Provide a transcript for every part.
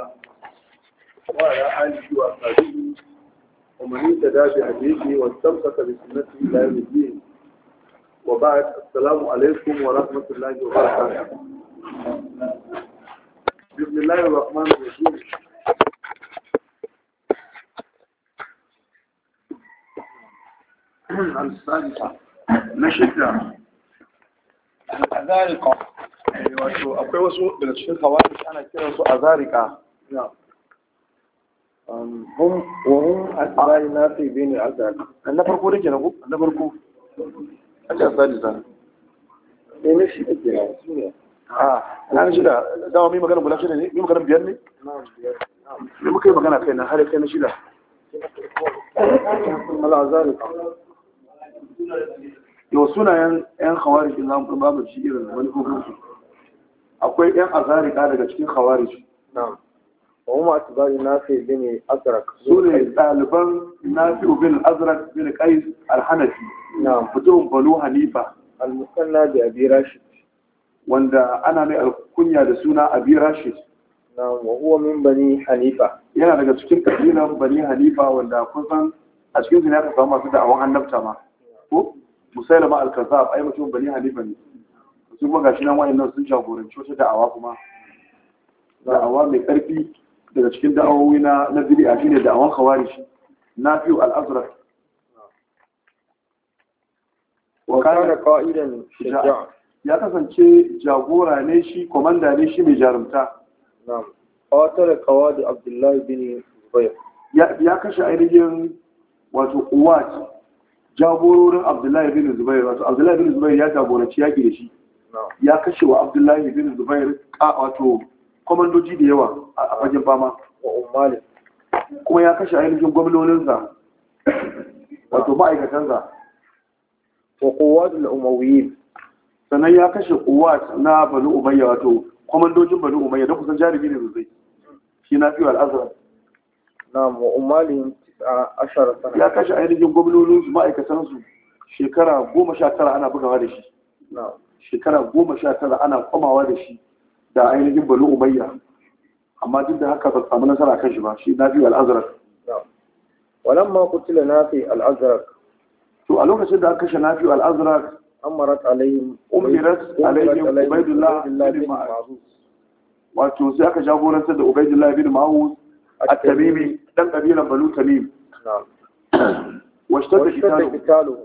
الله وعلى آله وأصحابه ومن اهتدى بهديه واستمسك بسنته إلى يوم الدين وبعد السلام عليكم ورحمة الله وبركاته بسم الله الرحمن الرحيم السادسة نشدة الأذارقة wato akwai wasu daga cikin kawai ana kiran su azarika هم وهم أتباع نافع بن الأزهر أنا فرقوا لك أنا أنا فرقوا أجل الثالثة إيه مش آه أنا مش لا دعوة مين مكان بلاش لي مين مكان بيرني مين مكان مكان كنا هل كنا شيلا الأزهر yau sunayen 'yan khawarij din zamu babu shi irin wani hukunci akwai 'yan azarika daga cikin khawarij na'am وهم أتباع نافع بن أزرق سوري الألبان نافع بن أزرق بن قيس الحنفي نعم فتوهم بنو حنيفة المثنى بأبي راشد wanda ana mai alkunya da suna abi rashid na min bani hanifa yana daga cikin kabilan bani hanifa wanda kun san a cikin su ne aka samu masu da'awan annabta ma ko musailama al-kazzab ai mutum bani hanifa ne sun kuma gashi nan wayannan sun jagoranci wata da'awa kuma da'awa mai karfi daga cikin da'awowi na na bid'a shine da'awan Na nafi'u al-azraq wa kana qa'idan ya kasance jagora ne shi komanda ne shi mai jarumta na'am qatar qawad abdullahi bin zubair ya kashe ainihin wato uwat jagororin abdullahi bin zubair wato abdullahi bin zubair ya jagoranci yaki da shi ya kashe wa abdullahi bin zubair wato komandoji da yawa a fagen fama wa umarin kuma ya kashe ainihin gwamnoninsa wato ma'aikatansa wa da umawiyin sannan ya kashe kowat na banu umayya wato kwamandojin banu umayya don kusan jarumi ne sosai shi na fiye al'azar na a ashara sana ya kashe ainihin gwamnoninsu ma'aikatansu shekara goma sha tara ana bugawa da shi shekara goma sha tara ana kwamawa da shi da ainihin balu umayya amma duk da haka ba samu nasara kan shi ba shi na biyu al'azarar walan ma kutila na fi al'azarar to a lokacin da aka kashe na biyu al'azarar amarat alayhim umirat alayhim ubaidullah bin ma'ruf wato sai aka jagorantar da ubaidullah bin ma'ruf at-tamimi dan kabilan balu tamim washtar da kitalo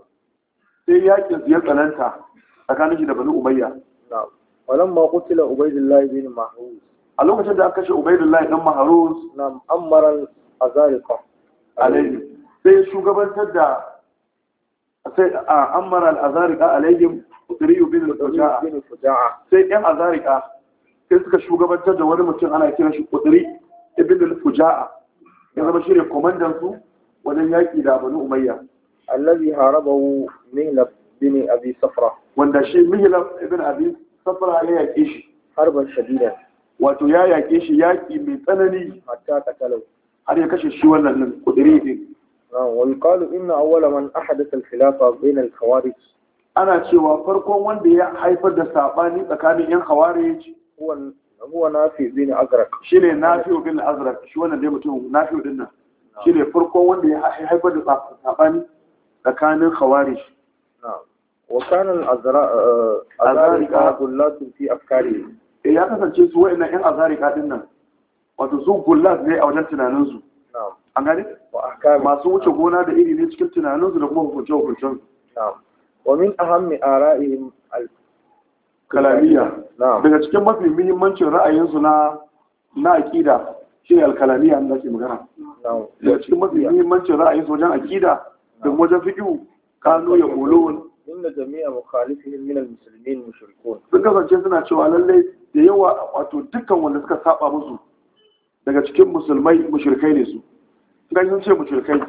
sai yakin ya tsananta tsakanin shi da banu umayya ولما قتل عبيد الله بن محروز a lokacin da aka kashe ubaidullahi dan maharuz na ammaran azarika alayhi sai shugabantar da sai ammaran azarika alayhi usriyu bin sai yan azarika sai suka shugabantar da wani mutum ana kiran shi qudri ibn fuja'a ya zama shine komandan su wajen yaƙi da banu umayya allazi harabahu mihlab bin abi safra wanda shi mihlab ibn safara ya yaƙe shi harbar shadida wato ya yaƙe shi yaƙi mai tsanani hatta katalau har ya kashe shi wannan nan kudiri din ويقال man أول da أحدث الخلافة بين الخوارج Ana cewa farkon wanda ya haifar da sabani tsakanin yan khawarij huwa huwa nafi bin azraq shine nafi bin azraq shi wannan dai mutum nafi din nan shine farkon wanda ya haifar da sabani tsakanin khawarij na'am وكان الأزارقة غلات في ya kasance su wa'annan yan azarika din nan wato su gullas ne a wajen tunaninsu an gane masu wuce gona da iri ne cikin tunaninsu da kuma hukunce hukuncen wa daga cikin mafi muhimmancin ra'ayinsu na na aqida shine al-kalamiyya da magana daga cikin mafi muhimmancin ra'ayinsu wajen aqida da wajen fiqh kanu ya inna jami'a mukhalifihim min al-muslimin mushrikun sun kasance suna cewa lallai da yawa wato dukkan wanda suka saba musu daga cikin musulmai mushrikai ne su idan sun ce mushrikai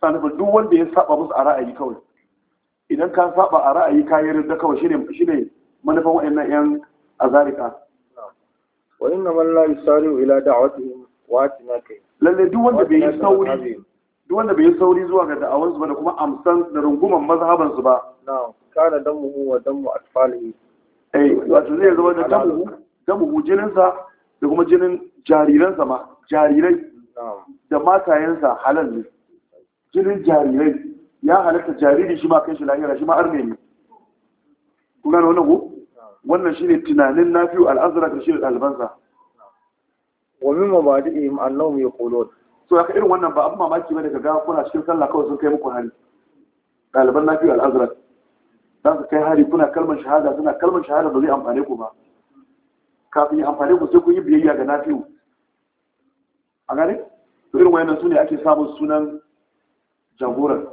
ba duk wanda ya saba musu a ra'ayi kawai idan ka saba a ra'ayi ka yi rinda kawai shine shine manufan wa'annan yan azarika wa inna man la yusari ila da'watihim wa atina kai lalle duk wanda bai yi sauri duk wanda bai yi sauri zuwa ga da'awansu ba da kuma amsan da runguman mazhabansu ba na'am kana damuhu wa damu atfalihi eh wato zai zama da damuhu damuhu jininsa da kuma jinin jariransa ma jarirai da matayensa halal ne jinin jarirai ya halatta jariri shi ma kai shi lahira shi ma arne ne Ku gane wannan ku? wannan shine tunanin nafi'u al-azraq da shi al-albansa wa mimma ba'dihim annahum yaqulun so haka irin wannan ba abin mamaki bane ka gawa kuna cikin sallah kawai sun kai muku hari ɗaliban lafiya al'azrar za su kai hari kuna kalmar shahada suna kalmar shahada ba zai amfane ku ba kafin yi amfane ku sai ku yi biyayya ga nafiyu a gane to irin wayannan su ne ake samun sunan jagoran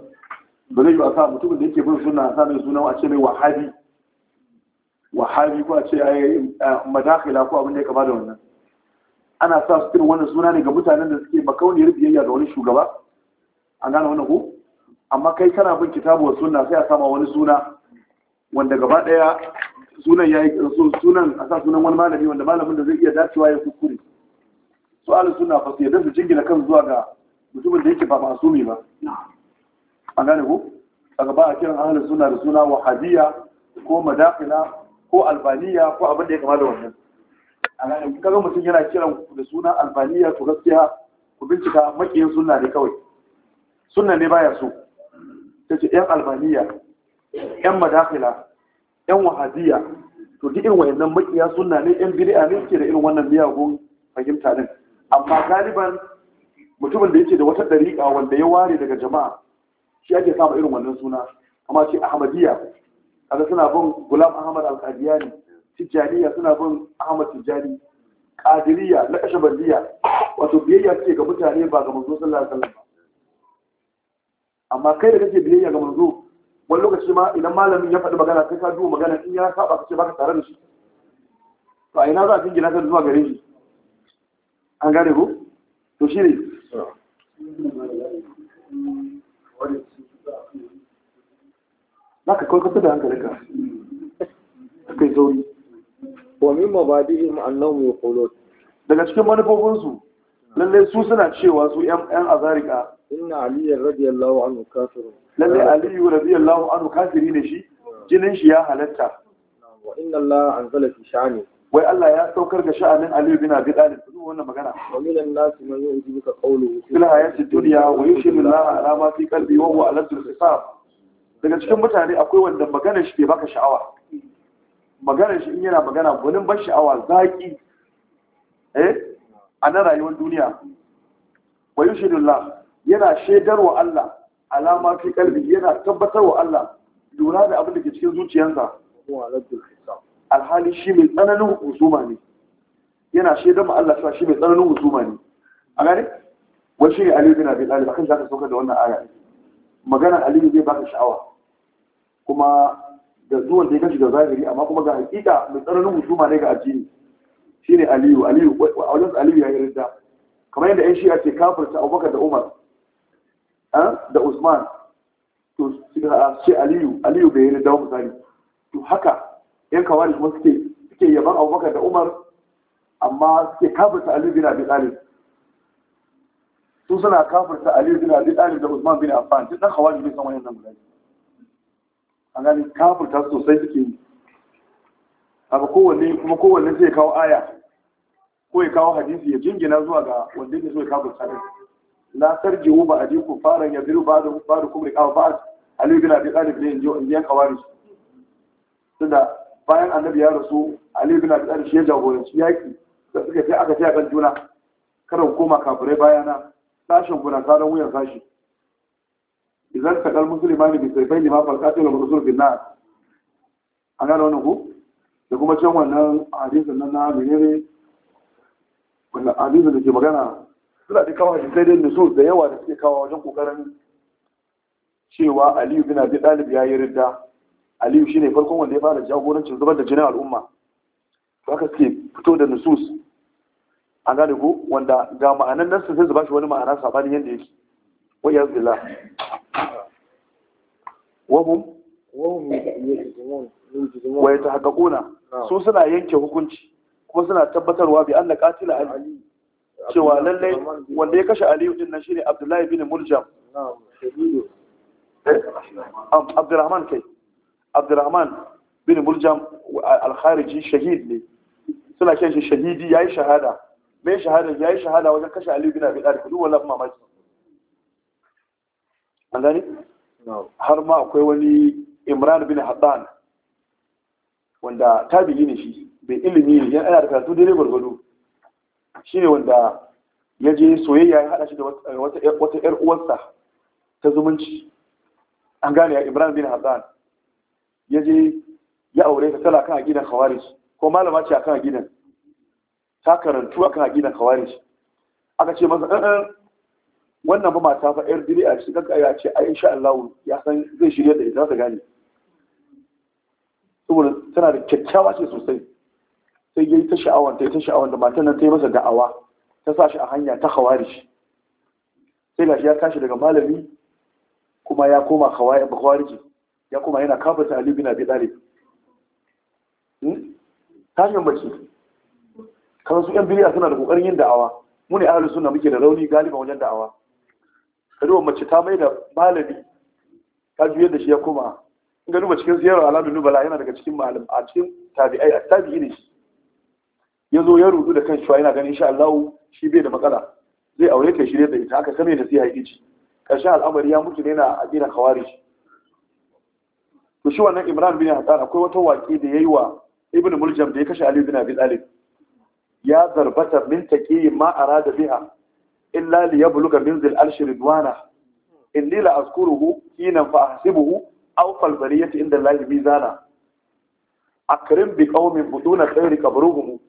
ba zai yi a sa mutumin da yake bin suna sa mai sunan a ce mai wahabi wahabi ko a ce a yi eh, madakila ko abin da ya kama da wannan ana sa su irin wannan suna ne ga mutanen da suke makauniyar biyayya ga wani shugaba A gane wani ku, amma kai kana bin kitabu wasu suna sai a sama wani suna wanda gaba daya sunan ya yayi sunan a sa sunan wani malami wanda malamin da zai iya dacewa ya kuskure su ala suna fasu yadda su jingina kan zuwa ga mutumin da yake ba masumi ba A gane ku, a gaba a kiran ahli suna da suna wahabiyya ko madafina ko albaniya ko abin da ya kama da wannan alani kaga mutum yana kiran da suna albaniya to gaskiya ku bincika makiyin sunna ne kawai sunna ne baya so ta ce yan albaniya yan madakila yan wahadiya to duk irin wayannan makiya sunna ne yan bid'a ne ke da irin wannan miyagun fahimta din amma galiban mutumin da yake da wata dariƙa wanda ya ware daga jama'a shi ake samu irin wannan suna amma ce ahmadiyya kaga suna bin gulam ahmad al-qadiyani tijjaniya suna bin ahmad tijjani ƙadiriya na ƙashe bandiya wato biyayya suke ga mutane ba ga manzo sallallahu alaihi wasallam amma kai da kake biyayya ga manzo wani lokaci ma idan malamin ya faɗi magana sai ka duba magana in ya saba kace baka tare da shi to a ina za a jingina ka zuwa gare shi an gane ko to shi ne za ka kawai kasar da hankalinka kai zauri wa min mabadihim annahum yaqulun daga cikin manufofinsu lalle su suna cewa su yan azarika inna ali radiyallahu anhu kafir lalle ali radiyallahu anhu kafiri ne shi jinin shi ya halatta wa inna allah anzala fi sha'ani wai Allah ya saukar da sha'anin Ali bin Abi Talib su wannan magana wa min an-nas man yu'jibuka qawluhu fil hayati dunya wa yushiru Allah ala ma fi qalbi wa huwa ala sirr daga cikin mutane akwai wanda magana shi ke baka sha'awa maganar shi in yana magana gwanin ban sha'awa zaƙi eh, a na rayuwar duniya wa yushidullah yana shaidarwa Allah alama fi kalbi yana tabbatarwa Allah lura da abin da ke cikin zuciyarsa alhali shi mai tsananin husuma ne yana shaidar ma Allah shi mai tsananin husuma ne a gane wani shi Aliyu bin Abi Talib akan zaka sauka da wannan aya magana Aliyu zai baka sha'awa kuma da zuwan da ya kashi da zahiri amma kuma ga hakika mai tsananin musulma ne ga addini shine aliyu aliyu a wajen aliyu ya yi ridda kamar yadda yan shi'a ke ta abubakar da umar eh, da usman to ce aliyu aliyu bai yi ridda wa misali to haka yan kawari kuma suke suke yaban abubakar da umar amma suke ta aliyu bin abi talib su suna ta aliyu bin abi talib da usman bin affan duk dan kawari bai san wannan guda an gani kafurta sosai suke yi abu kowanne kuma kowanne zai kawo aya ko ya kawo hadisi ya jingina zuwa ga wanda yake so ya kafurta ne la tarji'u ba a faran fara ba da ba da kuma kawo ba Ali bin Abi Talib ne inji inji kawari tunda bayan annabi ya rasu Ali bin Abi Talib shi ya jagoranci yaki da suka ce aka ce kan juna kada koma kafirai bayana sashen kuna karan wuyan sashi idan ka dal musulmani bi sai bayni ma falqatul rasul bin nas an gano wannan ku, da kuma can wannan hadisin nan na menene wannan hadisin da ke magana suna da kawo sai da nusus da yawa da suke kawo wajen kokarin cewa aliyu bin abi talib ya yi ridda aliyu shine farkon wanda ya fara jagorancin zubar da jinin al'umma to haka suke fito da nusus an gane ko wanda ga ma'anan nan sai su bashi wani ma'ana sabanin yadda yake wa yazillah wahum wa yatahaqqaquna su suna yanke hukunci kuma suna tabbatarwa bi anna katila ali cewa lallai wanda ya kashe aliyu din nan shine abdullahi bin muljam eh? abdurrahman kai abdurrahman bin muljam al-khariji shahid ne suna kan shi shahidi yayi shahada mai shahada yayi shahada wajen kashe aliyu bin abdullahi talib duk wallahi mamaki an gani har ma akwai wani imran bin haɗan wanda tabi'i ne shi bai ilimi ne yana da karatu daidai gwargwado shi ne wanda ya je soyayya ya haɗa shi da wata ‘yar uwarsa ta zumunci an gane ya imran bin haɗan ya je ya aure ta tana kan aƙidan khawarij ko malama ce akan aƙidan ta karantu akan aƙidan khawarij aka ce masa ɗan eh, eh, wannan ba mata fa yar a ce kanka ya ce ai insha Allah ya san zai shirye da ita ta gane saboda tana da kyakkyawa ce sosai sai yayi ta sha'awan ta ta sha'awan da matan nan ta yi masa da'awa ta sa shi a hanya ta shi sai gashi ya tashi daga malami kuma ya koma khawari khawarish ya koma yana kafirta Ali bin Abi Talib hmm? tashin baki kamar su yan bid'a suna da kokarin yin da'awa mu ne ahlus sunna muke da rauni galiban wajen da'awa kaduwa mace ta mai da malami ta juyar da shi ya koma in gani ba cikin ziyarar alamu nubala yana daga cikin malam a cikin tabi'ai a tabi'i ne shi ya zo ya rudu da kan cewa yana ganin insha Allah shi bai da matsala zai aure ta shi da ita aka kame da sai haƙi ci ƙarshen al'amari ya mutu ne na aƙidar kawari to shi wannan Imran bin Hassan akwai wata waƙi da ya yi wa Ibn Muljam da ya kashe Ali bin Abi Talib ya zarbata min taqiyi ma arada biha illa li yabluga minzil arshi ridwana inni la azkuruhu hina fa ahsibuhu aw fal bariyati inda allahi mizana akrim bi qaumin buduna khayri qabruhum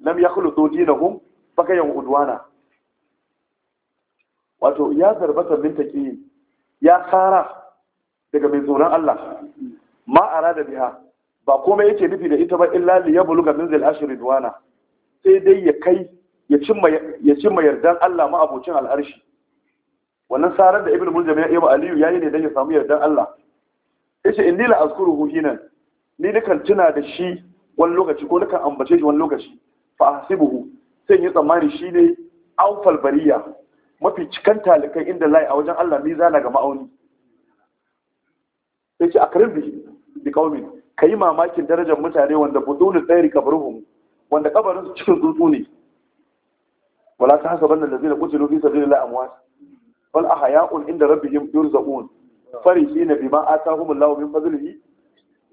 lam yakhluqu dinahum fa kayyum udwana wato ya zarbata min taqiyin ya kara daga mai tsoron Allah ma arada biha ba komai yake nufi da ita ba illa li yabluga minzil arshi ridwana sai dai ya kai ya cimma yardan Allah ma abocin al'arshi wannan sarar da ibn muljam ya yi wa aliyu yi ne don ya samu yardan Allah Ya ce yace nila la azkuruhu hinan ni nukan tuna da shi wani lokaci ko nukan ambace shi wani lokaci fa a buhu sai yi tsammani shi ne an bariya mafi cikan talikai inda layi a wajen Allah ni zana ga ma'auni ce a akrim bi bi ka yi mamakin darajar mutane wanda budulu tsairi kabruhum wanda kabarin cikin tsuntsu ne wala ta haka bannan lazina kutilu a sabilillah amwat bal ahya'un inda rabbihim yurzaqun farihina bima atahumullahu min fadlihi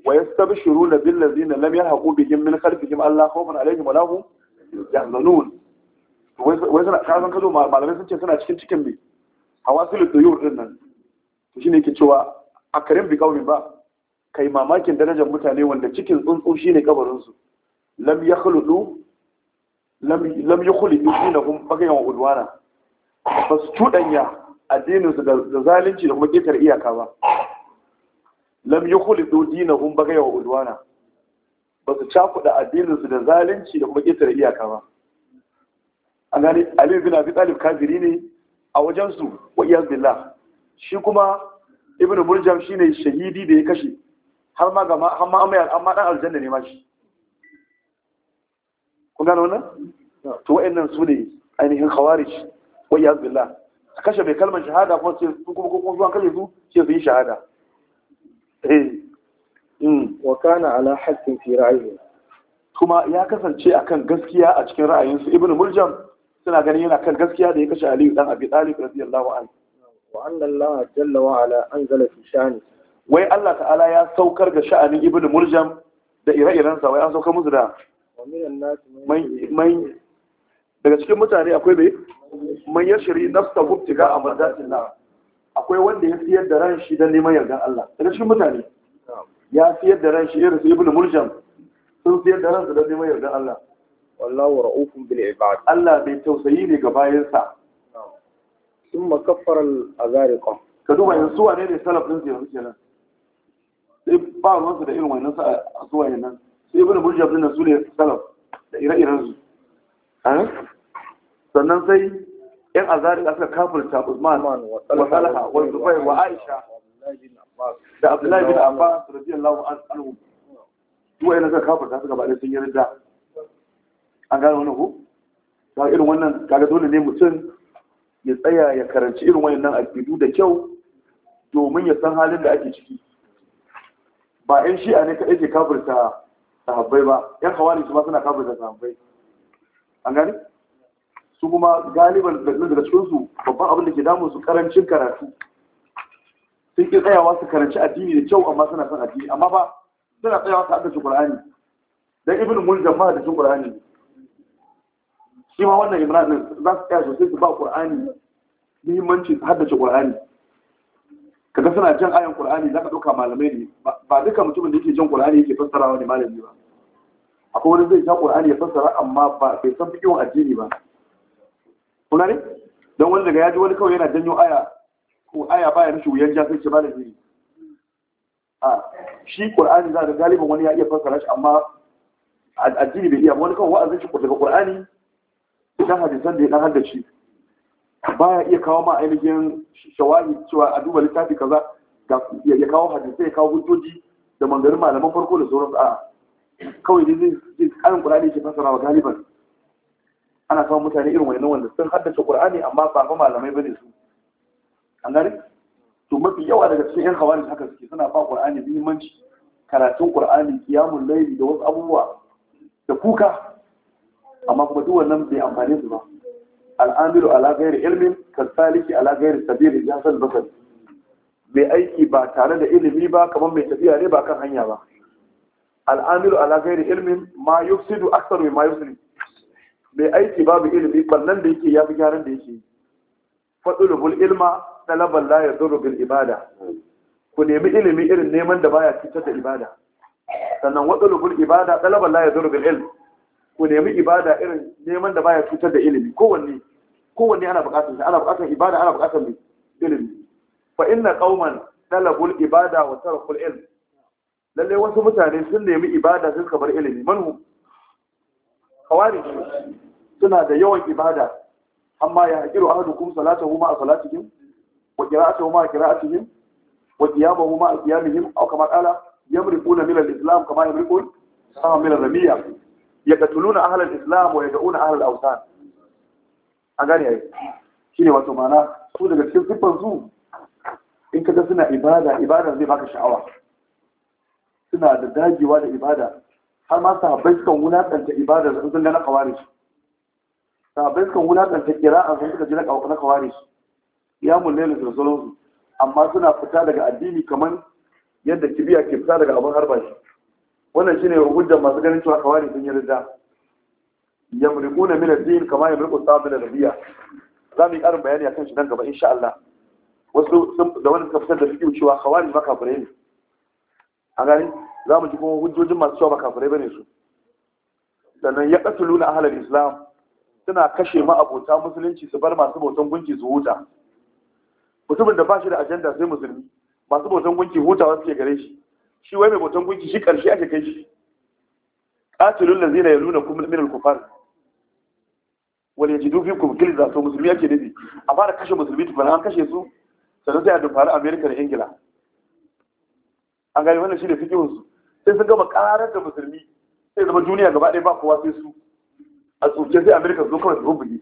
wa yastabshiruna bil ladzina lam yalhaqu bihim min khalfihim alla khawfun alaihim wa wai suna kazan kazo malamai sun ce suna cikin cikin mai hawasilu tuyur din nan to shine yake cewa a karin bi kaumin ba kai mamakin darajar mutane wanda cikin tsuntsu shine kabarin su lam yakhludu lam yi kuli yi na kuma bagayen wa udwana ba su cuɗanya addininsu da zalunci da kuma ƙetare iyaka ba lam yi kuli yi na kuma bagayen wa udwana ba su cakuɗa addininsu da zalunci da kuma ƙetare iyaka ba a gani aliyu bin abi talib kafiri ne a wajensu wa iyaz billah shi kuma ibnu murjam shine shahidi da ya kashe har ma ga har ma amma dan aljanna ne ma shi kun gano wannan to wa'annan su ne ainihin khawarij wa iyaz billah kashe mai kalmar shahada ko ce su kuma ko zuwa kalle su ce su yi shahada eh hmm. wa kana ala haqqin fi ra'yihi kuma ya kasance akan gaskiya a cikin ra'ayinsu ibnu muljam suna ganin yana kan gaskiya da ya kashe aliyu dan abi talib radiyallahu anhu wa anna allah jalla wa ala anzala fi sha'ani wai allah ta'ala ya saukar ga sha'anin ibnu muljam da ire-irensa wai an saukar musu da man daga cikin mutane akwai bai man ya shiri nafsa gubtiga a mardatin na akwai wanda ya siyar da ran shi don neman yardan Allah daga cikin mutane ya siyar da ran shi irin su ibnu murjam sun siyar da ransu don neman yardan Allah wa ra'ufun bil ibad Allah bai tausayi ne ga bayansa sun kaffara azariqa ka duba yanzu wane ne salaf su yanzu kenan sai ba ruwansu da irin wannan su a zuwa nan sai ibn burjab din su ne salaf da ire-iren su sannan sai yan azari aka kafirta Usman wa Talha wa Zubair wa Aisha da Abdullahi bin Abbas radiyallahu anhu duwa yana suka kafirta suka bada sun yarda an gane wani ko ga irin wannan kaga dole ne mutum ya tsaya ya karanci irin wayannan aqidu da kyau domin ya san halin da ake ciki ba shi a ne kaɗai ke kafirta sahabbai ba yan hawari su ma suna kafir da sahabbai an gani su kuma galiban daga cikinsu babban abin da ke damun su karancin karatu sun ƙi tsayawa su karanci addini da kyau amma suna son addini amma ba suna tsayawa su haddace qur'ani dan ibnu muljam ma cikin qur'ani shi ma wannan imran din za su tsaya sosai su ba qur'ani muhimmanci su haddace qur'ani kaga suna jan ayan qur'ani zaka dauka malamai ne ba duka mutumin da yake jan qur'ani yake fassarawa ne malami ba akwai wani zai ja qur'ani ya fassara amma ba bai san fiqhin addini ba kuna ne dan wani daga yaji wani kawai yana janyo aya ko aya baya mishi wuyan ja sai ce malami ne a shi qur'ani za ga galibin wani ya iya fassara shi amma addini bai iya wani kawai wa'azin shi daga qur'ani dan hadisan da ya dan haddace baya iya kawo ma ainihin shawahi cewa a duba littafi kaza ya kawo hadisai ya kawo hujjoji da mangarin malaman farko da sauran a kawai da zai zai karin qur'ani ke fasara wa galiban ana kawo mutane irin wannan wanda sun haddace qur'ani amma ba fa malamai bane su an gane to mafi yawa daga cikin yan hawari haka suke suna ba qur'ani muhimmanci karatun qur'ani qiyamul laifi da wasu abubuwa da kuka amma kuma duk wannan bai amfane su ba al'amiru ala gairi ilmin kasaliki ala gairi sabiri ya san basar mai aiki ba tare da ilimi ba kamar mai tafiya ne ba kan hanya ba al'amiru ala gairi ilmin ma yufsidu aksar mai mayu yufsidu mai aiki babu ilimi ballan da yake ya fi gyaran da yake fadulubul ilma talaban la yadurru bil ibada ku nemi ilimi irin neman da baya cutar da ibada sannan wadulubul ibada talaban la yadurru bil ilm ku nemi ibada irin neman da baya cutar da ilimi kowanne kowanne ana buƙatar shi ana bukatar ibada ana buƙatar ilimi fa inna qauman talabul ibada wa tarakul ilm lalle wasu mutane sun nemi ibada sun kabar ilimi manhu kawari suna da yawan ibada amma ya hakiru ahadukum salatahu ma salatihim wa qira'atuhu ma qira'atihim wa qiyamahu ma qiyamihim aw kama qala yamriquna min al-islam kama yamriqun sama min al ramiyah yaqtuluna ahlal islam wa yad'una ahlal awsan an gane Shi shine wato mana. su daga cikin siffar su in kaga suna ibada ibada zai baka sha'awa suna da dagewa da ibada har ma sahabbai sukan wulaƙanta ibada da sun ga na kawari sahabbai sukan wulaƙanta a sun suka ji na kawari ya mulle da sauransu amma suna fita daga addini kamar yadda kibiya ke fita daga abin harba shi wannan shine hujjar masu ganin cewa kawari sun yi rida yamriquna min ad-din kama yamriqu sabil rabiya za mu yi ƙarin bayani akan shi nan gaba insha Allah wasu da wani suka fitar da suke cewa kawari ba kafirai ne a gani za mu ji kuma hujjojin masu cewa ba kafirai bane su sannan ya a ahlal islam suna kashe ma'abota musulunci su bar masu bautan gunki su huta mutumin da ba shi da ajanda sai musulmi masu bautan gunki hutawa suke gare shi shi wai mai bautan gunki shi ƙarshe ake kai shi qatilul yaluna yalunakum min al-kufar wal yajidu fikum gilza to musulmi ake nufi a fara kashe musulmi tukuna an kashe su sannan sai a dubara Amerika da Ingila an gani wannan shi ne fikihun wasu. sai sun gama ƙarar da musulmi sai zama duniya gaba ɗaya ba kowa sai su a tsoke sai Amerika su zo kawai su rubuge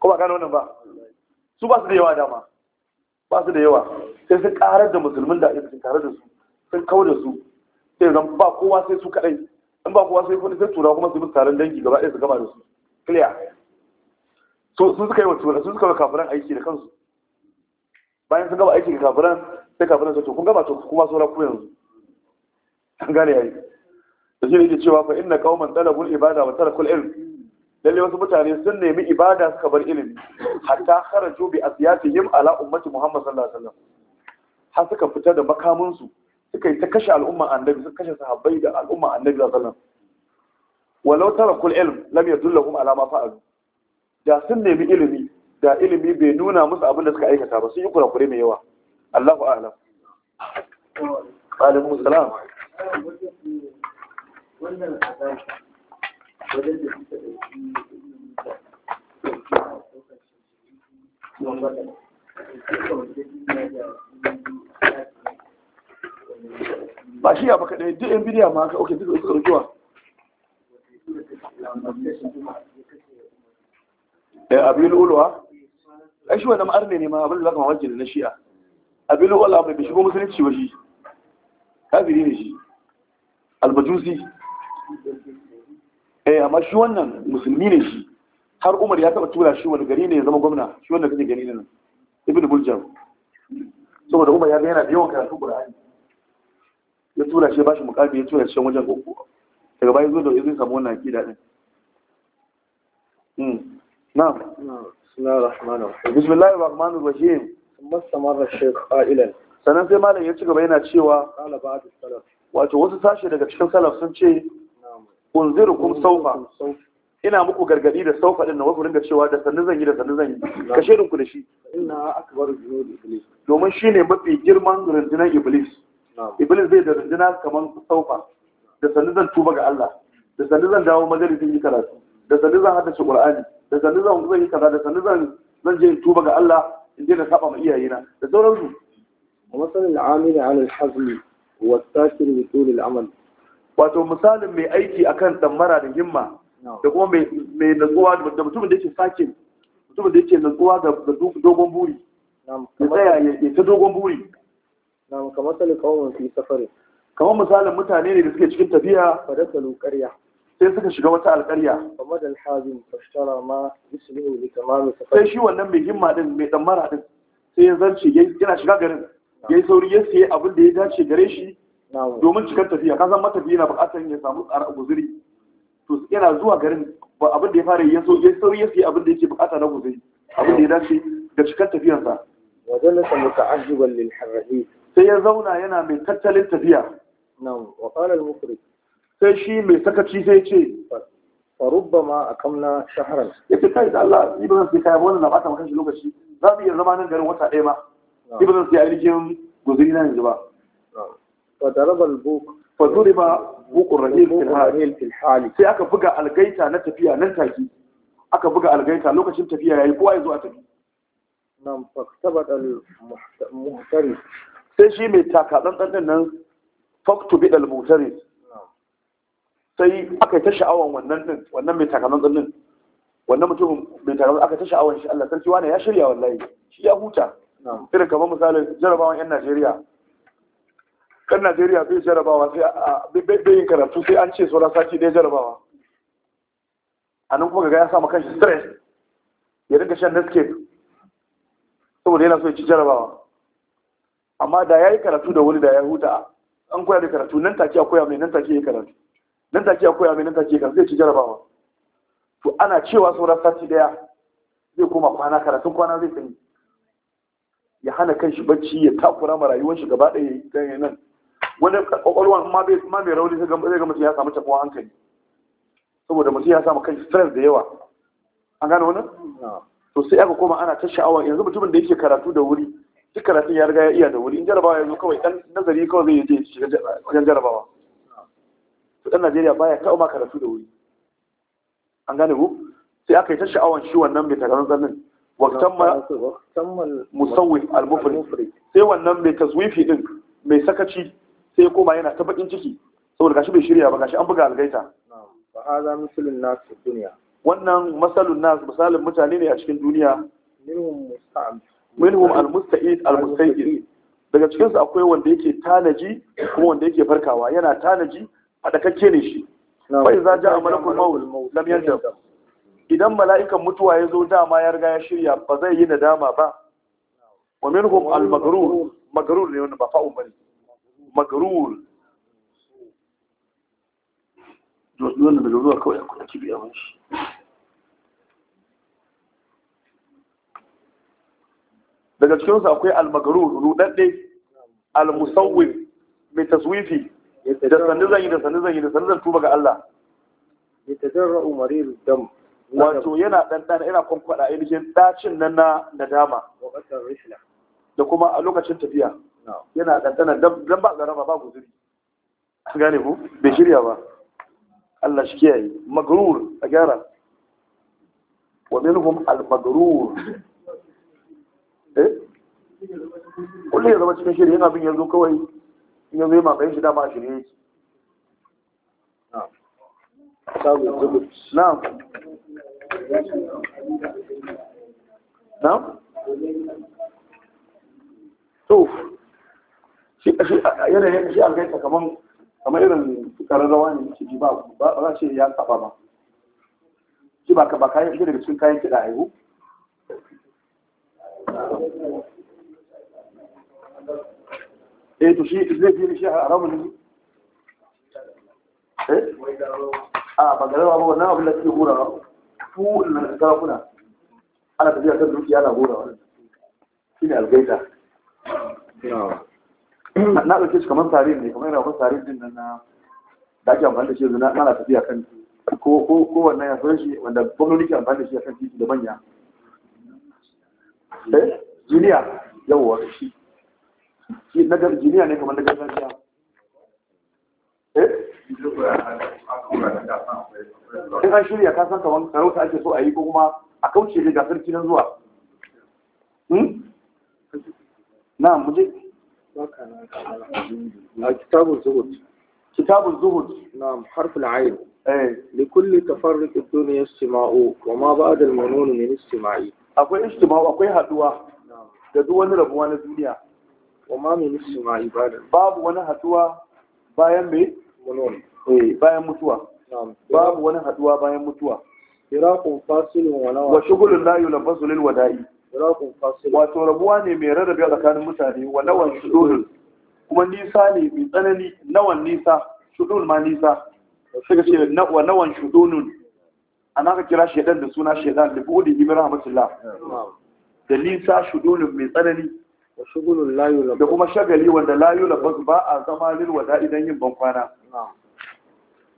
ko ba gano wannan ba su ba su da yawa dama ba su da yawa sai sun karar da musulmin da ake tare da su sun kawo da su sai zan ba kowa sai su kadai in ba kowa sai kudi sai tura kuma su bi taron dangi gaba ɗaya su gama da su clear so sun suka yi wa tura sun suka yi kafiran aiki da kansu bayan sun gama aiki da kafiran sai kafiran sai to kun gama to kuma saura ku yanzu an gane yayi da shi ne yake cewa fa inna qauman talabul ibada wa tarakul ilm lalle wasu mutane sun nemi ibada suka bar ilimi hatta kharaju bi asiyatihim ala ummati Muhammad sallallahu alaihi wasallam har suka fita da makamin su suka yi ta kashe al'umma annabi suka kashe sahabbai da al'umma annabi sallallahu alaihi wasallam walau tarakul ilm lam yadullahum ala ma fa'alu da sun nemi ilimi da ilimi bai nuna musu abin da suka aikata ba sun yi kurakure mai yawa Allahu a'lam alaikum salam wannan wajen ba shi ya baka ɗaya duk yan bidiya ma ka oke duka suka rujuwa eh abin ulwa ai shi wannan arne ne ma abin da zaka mamaki da na shi'a abin ulwa bai shigo musulunci ba shi kafiri ne shi albajusi eh amma shi wannan musulmi ne shi har umar ya taba tura shi wani gari ne ya zama gwamna shi wannan kake gari ne nan ibnu buljam saboda umar ya ga yana da yawan karatu qur'ani ya tura shi ya bashi mukabi ya tura shi wajen gogo daga baya zo da izin samu wannan akida din mm rahmanu bismillahir rahmanir rahim samar da shi qa'ilan sanan sai malam ya ci gaba yana cewa wato wasu sashe daga cikin salaf sun ce unzirukum saufa ina muku gargadi da saufa din na wasu ringa cewa da sannu zan yi da sannu zan yi ka shirin ku da shi Ina akbar junud iblis domin shine mafi girman rundunar iblis iblis zai da runduna kamar saufa da sannu zan tuba ga Allah da sannu zan dawo majalisin yi karatu da sannu zan haddace qur'ani da sannu zan zan yi kaza da sannu zan zan je tuba ga Allah in je na saba ma iyayena da sauransu ومثل العامل على الحزم والساكن لطول العمل wato misalin mai aiki akan tsammara da himma da kuma mai natsuwa da mutumin da yake sakin mutumin da yake natsuwa ga dogon buri ya tsaya ya ta dogon buri kamar misalin safari kamar misalin mutane ne da suke cikin tafiya sai suka shiga wata alƙarya kamar da alhazin fashtara ma sai shi wannan mai himma din mai tsammara din sai ya zarce yana shiga garin yayi sauri ya siye abin da ya dace gare shi domin cikar tafiya kasan matafiya na buƙatar ya samu tsara guzuri to yana zuwa garin ba abin da ya fara ya so ya sauri ya siya abin da yake buƙata na guzuri abin da ya dace da cikar tafiyarsa wa lil sai ya zauna yana mai tattalin tafiya wa qala al sai shi mai sakaci sai ce farubbama shaharar' shahran yace kai da Allah ibn sai kai wannan na bata maka shi lokaci za mu iya zama nan garin wata ɗaya ma ibn sai ainihin guzuri na yanzu ba فضرب البوق فضرب بوق الرحيل في الحال في الحال sai aka buga algaita na tafiya nan taki aka buga algaita lokacin tafiya yayi kowa yazo a tafi nan faktabat al muhtarif sai shi mai taka dan dan nan faktu bi al muhtarif sai aka ta sha'awan wannan din wannan mai taka dan din wannan mutumin mai taka aka ta sha'awan shi Allah sarki wani ya shirya wallahi shi ya huta irin kamar misalin jarabawan yan Najeriya kan najeriya bai jarabawa sai bai yin karatu sai an ce sauran sati ɗaya jarabawa a nan kuma ga ya sama kanshi stress ya dinga shan nescape saboda yana so ya ci jarabawa amma da ya yi karatu da wani da ya huta an koya da karatu nan take a koya mai nan take ya karatu nan take a koya mai nan take ya karatu zai ci jarabawa to ana cewa sauran sati ɗaya zai koma kwana karatun kwana zai tsaye ya hana kanshi bacci ya takura ma rayuwar shi gaba ɗaya ya yi nan wani kwakwalwa ma bai ma mai rauni zai ga mutum ya samu tafiwa hankali saboda mutum ya samu kan stress da yawa an gane wannan to sai aka koma ana ta sha'awa yanzu mutumin da yake karatu da wuri duk karatun ya riga ya iya da wuri in jarabawa yanzu kawai dan nazari kawai zai je shiga wajen jarabawa to dan Najeriya baya taɓa ma karatu da wuri an gane ku sai aka yi ta sha'awan shi wannan mai takarun zannin ma musawwif al mufri sai wannan mai taswifi din mai sakaci sai ya koma yana ta bakin ciki saboda gashi bai shirya ba gashi an buga algaita fa hadha mislun nas fi wannan masalun nas misalin mutane ne a cikin duniya minhum musta'am minhum almusta'id almustaqil daga cikin su akwai wanda yake tanaji kuma wanda yake farkawa yana tanaji fadakakke ne shi fa iza ja'a malakul maut lam yandam idan mala'ikan mutuwa ya zo dama ya riga ya shirya ba zai yi nadama ba wa minhum al-magrur magrur ne wannan ba fa'un bane magarur wanda daga zuwa kawai a kuna kibiya mashi daga cikinsu akwai almagarur rudadde almusawwif mai taswifi da sanni zanyi da sanni zanyi da sanni zan tuba ga Allah ya tajarra umarir dam wato yana ɗanɗana yana kwankwada ainihin ɗacin nan na nadama da kuma a lokacin tafiya yana ɗanɗana don ba garama ba guzuri gane ku bai shirya ba Allah shi kiyaye magrur a gyara wa minhum al magrur eh kullu ya zama cikin shirye bin yanzu kawai in yanzu ya mamaye shi dama a shirye yake na'am na'am to shi yanayin shi algaita gaisa kaman kamar irin karar rawa ne ke ji ba za shi ya saba ba shi ba ba kayan shi daga cikin kayan kiɗa aihu eh to shi zai fi shi haramun ne eh a ba garawa ba wannan abin da suke hura fu na sarakuna ana tafiya kan dukiya na hura shi ne algaita Hmm. na ɗauke shi kamar tare ne kamar yana kuma tare din nan na da ake amfani da shi yanzu na ana tafiya kan ko ko ko wannan ya san shi wanda gwamnati ke amfani da shi akan titi da manya eh jiniya yawwa shi shi na gar jiniya ne kamar na gargajiya eh in an shirya ka san kamar sarauta ake so a yi ko kuma a kauce da gasar kinan zuwa hmm? na muje كتاب Zuhud. كتاب الزهد نعم حرف العين ايه لكل تفرق الدنيا استماع وما بعد المنون من استماعي akwai ishtimau akwai haduwa da wani rabuwa na duniya wa ma min ishtimai babu wani haduwa bayan eh, mutuwa babu wani haduwa bayan mutuwa firaqun fasilun wa nawa wa shughulun la yulabbasu lil wada'i wato rabuwa ne mai rarrabe tsakanin mutane wa nawan shudul kuma nisa ne mai tsanani nawan nisa shudul ma nisa suka ce wa nawan shudunun an aka kira shaidan da suna shaidan da buɗe ibn rahmatullah da nisa shudulun mai tsanani da kuma shagali wanda layu labas ba a zama lilwa da'idan yin bankwana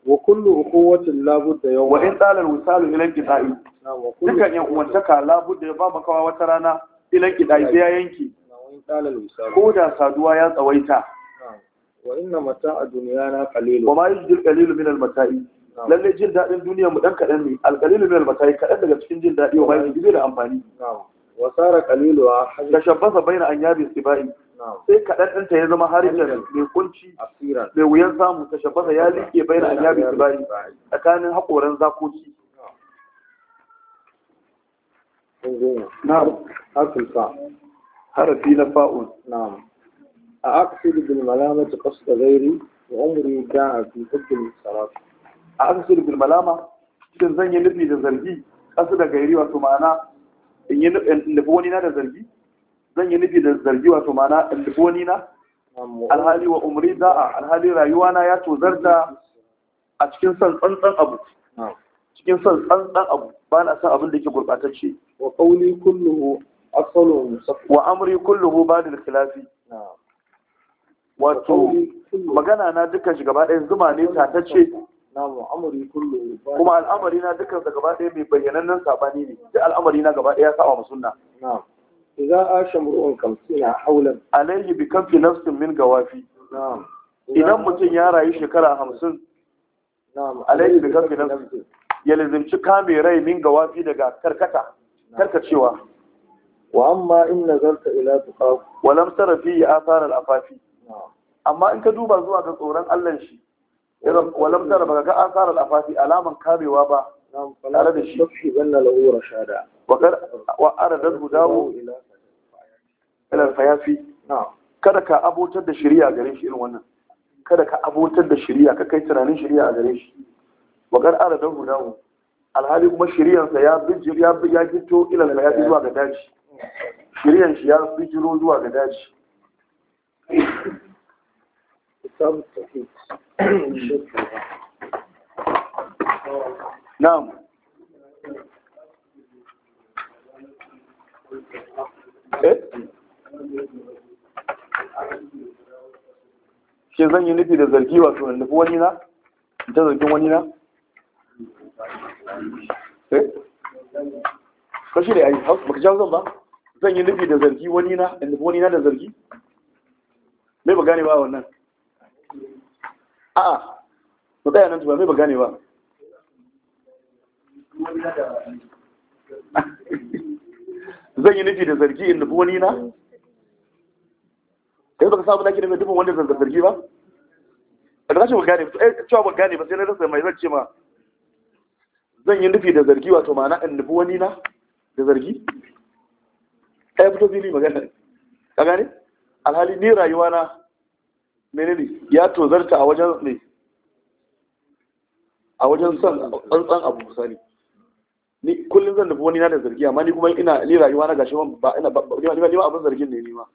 wa kullu labu da yawa wa in dalal wisalu ilan qita'i dukkan yan uwantaka labudda ya ba makawa wata rana ilan kidai sai ya yanke, ko da saduwa ya tsawaita wa inna mata'a dunyana qalilun wa ma yujil qalilun min al-mata'i lalle jin daɗin duniya mu dan kaɗan ne alkalilu min al kaɗan daga cikin jin daɗi wa bayan gizo da amfani wa sara qalilu ta shabbasa baina an yabi sibai sai kaɗan ɗinta ya zama harijan mai kunci mai wuyan samu ta shabbasa ya liƙe baina an yabi sibai tsakanin haƙoran zakoki na'am harfin fa harafi na fa'un a aqsidu bil malamati zan yi nufi da zargi qasda ghairi wato ma'ana in yi nufi wani na da zargi zan yi nufi da zargi wato ma'ana in nufi wani na alhali wa umri da'a alhali rayuwa na ya tozar da a cikin son tsantsan abu cikin son abin da yake gurbatacce wa qawli kulluhu asalu musaffaq wa amri kulluhu wato magana na dukkan shi gaba ɗaya zuma ne ce. kuma al'amari na dukkan sa gaba ɗaya mai bayyanannen sabani ne duk al'amari na gaba ɗaya saba musunna idan asha mur'un kamsina haulan alayhi bi kafi nafsin min gawafi idan mutum ya rayu shekara hamsin alayhi bi kafi nafsin ya lazimci kame rai min gawafi daga karkata karkacewa wa amma in nazarta ila tuqaf wa lam tara fi athar al afafi amma in ka duba zuwa ga tsoron Allah shi wa lam tara baka ga athar al afafi alaman kamewa ba tare da shi shi banna lahu shada. wa kar wa aradat hudahu ila ila fayafi kada ka abotar da shari'a gare shi irin wannan kada ka abotar da shari'a ka kai tunanin shari'a a gare shi wa kar aradat hudahu alhali kuma shiryansa ya bijir ya ya gito ilal hayati zuwa ga daji shiryan shi ya bijiro zuwa ga daji na'am shi zan yi nufi da zargi wato nufi wani na? ta zargin wani na? Eh? kashi da ai baka jawo zan ba zan yi nufi da zargi wani na in nufi wani na da zargi mai ba gane ba wannan a'a ba tsaye nan tuba mai ba gane ba zan yi nufi da zargi in nufi wani na kai baka samu laki da mai dubin wanda zargi ba a rashin ba gane ba eh, cewa ba gane ba sai na rasa mai zan ce ma zan yi nufi da zargi wato ma'ana in nufi wani na da zargi ɗaya fito fili magana ka gane alhali ni rayuwa na menene ya tozarta a wajen ne a wajen son tsantsan abu misali ni kullum zan nufi wani na da zargi amma ni kuma ina ni rayuwa na gashi ba ina ba ma abin zargin ne ni ma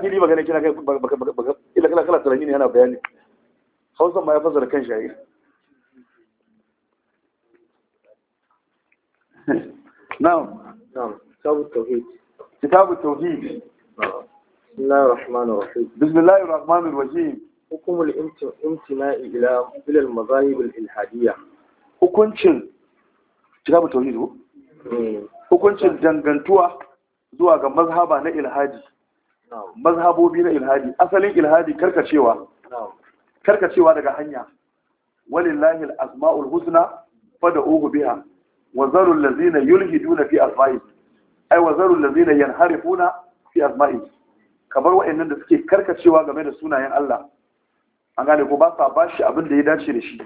fili magana kina kai baka baka baka ila kala kala tunani ne yana bayani Hausa ma ya fasara kan shayi na'am na'am kitabu tauhid kitabu tauhid bismillahir rahmanir rahim bismillahir rahmanir rahim hukumul imtina'i ila ila al-mazahib al-ilhadiyya hukuncin kitabu tauhid ko hmm. hukuncin dangantuwa zuwa ga mazhaba na ilhadi mazhabobi na ilhadi asalin ilhadi karkacewa karkacewa daga hanya walillahi al-asma'ul husna fad'uhu biha وذروا الذين يلهدون في أسمائهم أي وذروا الذين ينحرفون في أسمائهم kamar wa'annan da suke karkacewa game da sunayen Allah an gane ko ba sa ba shi abin da ya dace da shi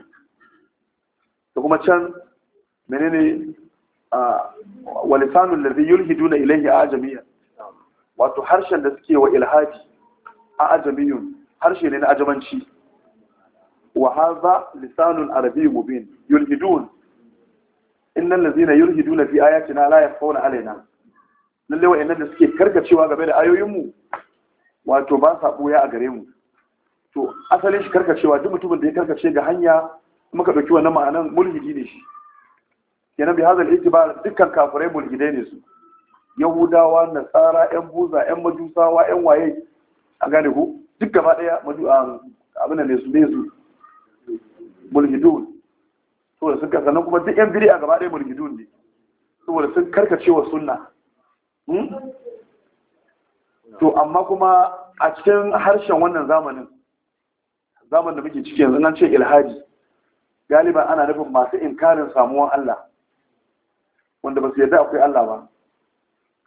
da kuma can menene a walisanul ladhi yulhiduna ilayhi ajamiyya wato harshen da suke wa ilhadi a ajamiyun harshe ne na ajamanci wa hadha lisanun arabiy mubin yulhidun innal yurhi yulhiduna fi ayatina la yakhfawna alaina lalle wa'annan da suke karkacewa game da ayoyinmu wato ba sa boya a gare mu to asalin shi karkacewa duk mutumin da ya karkace ga hanya muka dauki wannan ma'anan mulhidi ne shi kenan bi hadal ba dukkan kafirai mulhidai ne su yahudawa nasara yan buza yan majusawa yan waye a gane ku duk gaba daya maju ah, abin ne su ne su mulhidun saboda sun kasa kuma duk yan biri a gaba ɗaya mulkidun ne saboda sun karkacewa sunna hmm? to amma kuma a cikin harshen wannan zamanin zamanin da muke ciki yanzu nan ce ilhaji galiba ana nufin masu inkarin samuwan Allah wanda ba su yarda akwai Allah ba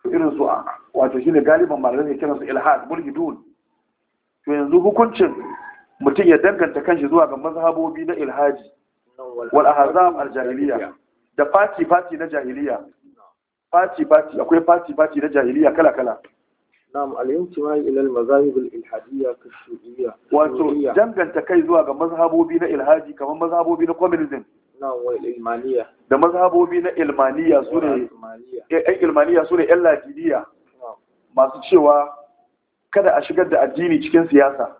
to irin su wato shine galiban malamai ne kiransu ilhad mulhidun to yanzu hukuncin mutum ya danganta kanshi zuwa ga mazhabobi na ilhaji wal ahzab al jahiliya da fati fati na jahiliya fati fati akwai fati fati na jahiliya kala kala na'am al-intima ila al-mazahib al-ilhadiyya kashu'iyya wato danganta kai zuwa ga mazhabobi na ilhadi kamar mazhabobi na communism da mazhabobi na ilmaniya sune eh, eh ilmaniya sune yan masu cewa kada a shigar da addini cikin siyasa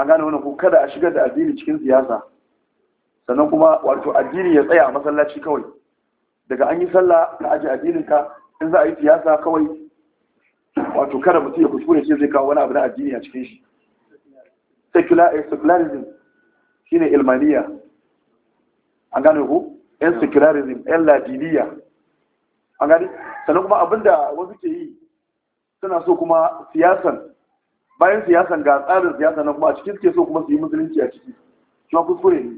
an gane wani ko kada a shigar da addini cikin siyasa sannan kuma wato addini ya tsaya a masallaci kawai daga an yi sallah ka aji addinin ka in za a yi siyasa kawai wato kada mutum ya kuskure shi zai kawo wani abu na addini a cikin shi eh, secularism ne ilmaniya an gane ku yan secularism yan ladiniya an gane sannan kuma abinda wasu ke yi suna so kuma siyasan bayan siyasan ga tsarin siyasa na kuma a cikin suke so kuma su yi musulunci a ciki shi kuskure ne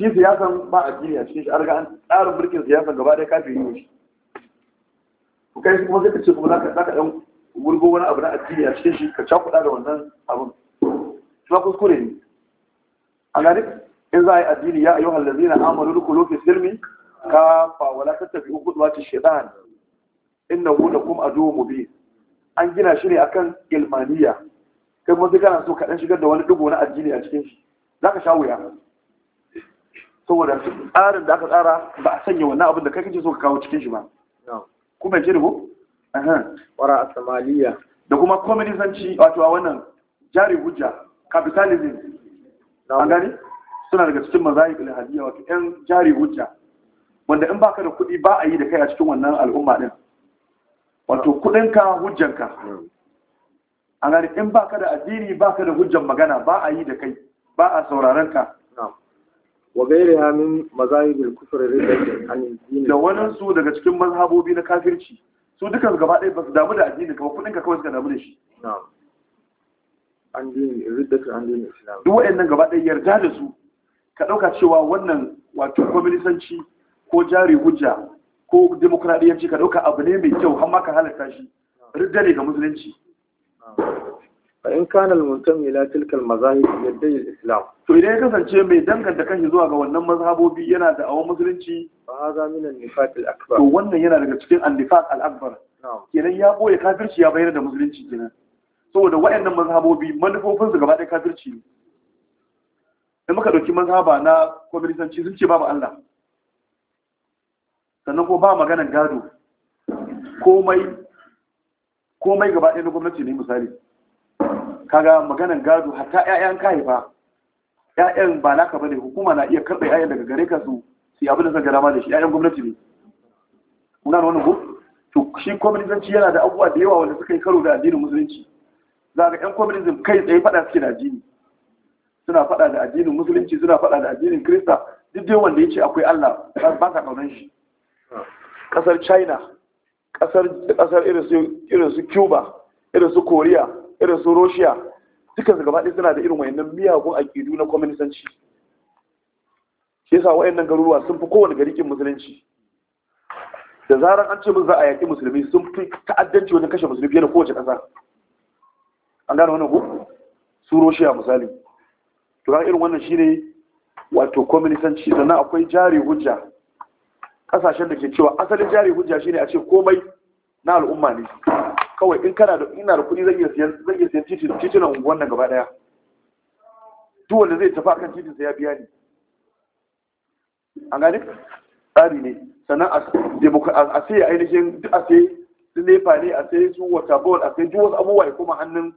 shi siyasan ba a jini a cikin shi an an tsarin mulkin siyasan gaba ɗaya kafin yi shi ku kai kuma sai ka ce kuma za ka ɗan gurgo wani abu na addini a cikin shi ka cakuɗa da wannan abun? shi kuskure ne a gani in za a yi addini ya ayyuhal lazina amalu rukulu fi silmi kafa wala tattabi'u qudwati shaytan innahu lakum aduwwun mubin an gina shi ne akan ilmaniya kai kuma sai kana so ka dan shigar da wani dugo na addini a cikin shi zaka sha wuya saboda tsarin da aka tsara ba a sanya wannan abin da kai kake so ka kawo cikin shi ba kuma ji rubu wara a samaliya da kuma kwaminisanci wato a wannan jari hujja capitalism an gani suna daga cikin mazayi ilin hadiyya wato yan jari hujja wanda in baka da kuɗi ba a yi da kai a cikin wannan al'umma din wato kudinka hujjanka hmm. a gani in ba ka da addini ka da hujjan magana ba a yi da kai ba a sauraron ka wa gairi hamin mazahibul kufr ridda da wani su daga cikin mazhabobi na kafirci su dukan gaba ɗaya ba su damu da addini kuma kudinka kawai suka damu da shi an dini ridda islam duk wayannan gaba ɗaya yarda da su ka ɗauka cewa wannan wato kwaminisanci ko jari hujja ko demokradiyyanci ka dauka abu ne mai kyau amma ka halatta shi ridda ne ga musulunci in kana al-muntami ila tilka al-mazahib yaddai al-islam to idan ya kasance mai danganta kanshi zuwa ga wannan mazhabobi yana da awon musulunci fa haza min an-nifaq al-akbar to wannan yana daga cikin an-nifaq al-akbar kenan ya boye kafirci ya bayyana da musulunci kenan saboda wayannan mazhabobi manufofin su gaba ɗaya kafirci ne da muka ɗauki mazhaba na kwaminisanci sun ce babu Allah sannan ko ba maganan gado komai gaba ɗaya na gwamnati ne misali kaga maganan gado hatta 'ya'yan kayi ba 'ya'yan ba naka bane hukuma na iya karɓe 'ya'yan daga gare ka su su yi abin da suka ma da shi 'ya'yan gwamnati ne kuna da wani ko to shi kwaminisanci yana da abubuwa da yawa wanda suka yi karo da addinin musulunci za ga 'yan kwaminisan kai tsaye faɗa suke da addini suna faɗa da addinin musulunci suna faɗa da addinin kirista duk dai wanda ya ce akwai allah ba ka ƙaunar shi kasar china kasar irin su cuba irin su korea irin su russia dukkan su gabaɗe suna da irin wayannan miyagun aƙidu na kwaminisanci shi yasa wayannan garuruwa sun fi kowane gari musulunci da zarar an ce musu za a yaƙi musulmi sun fi ta'addanci wajen kashe musulmi fiye da kowace ƙasa an gane wannan ku su russia misali to irin wannan shine wato kwaminisanci sannan akwai jari hujja kasashen da ke cewa asalin jari hujja shine a ce komai na al'umma ne kawai in kana da ina da kuɗi zan iya siyan zan iya titin unguwan nan gaba daya duk wanda zai tafi akan titin sai ya biya ni an gane tsari ne sannan a sai ainihin duk a sai su nefa ne a sai su wata bowl a sai duk wasu abubuwa ya koma hannun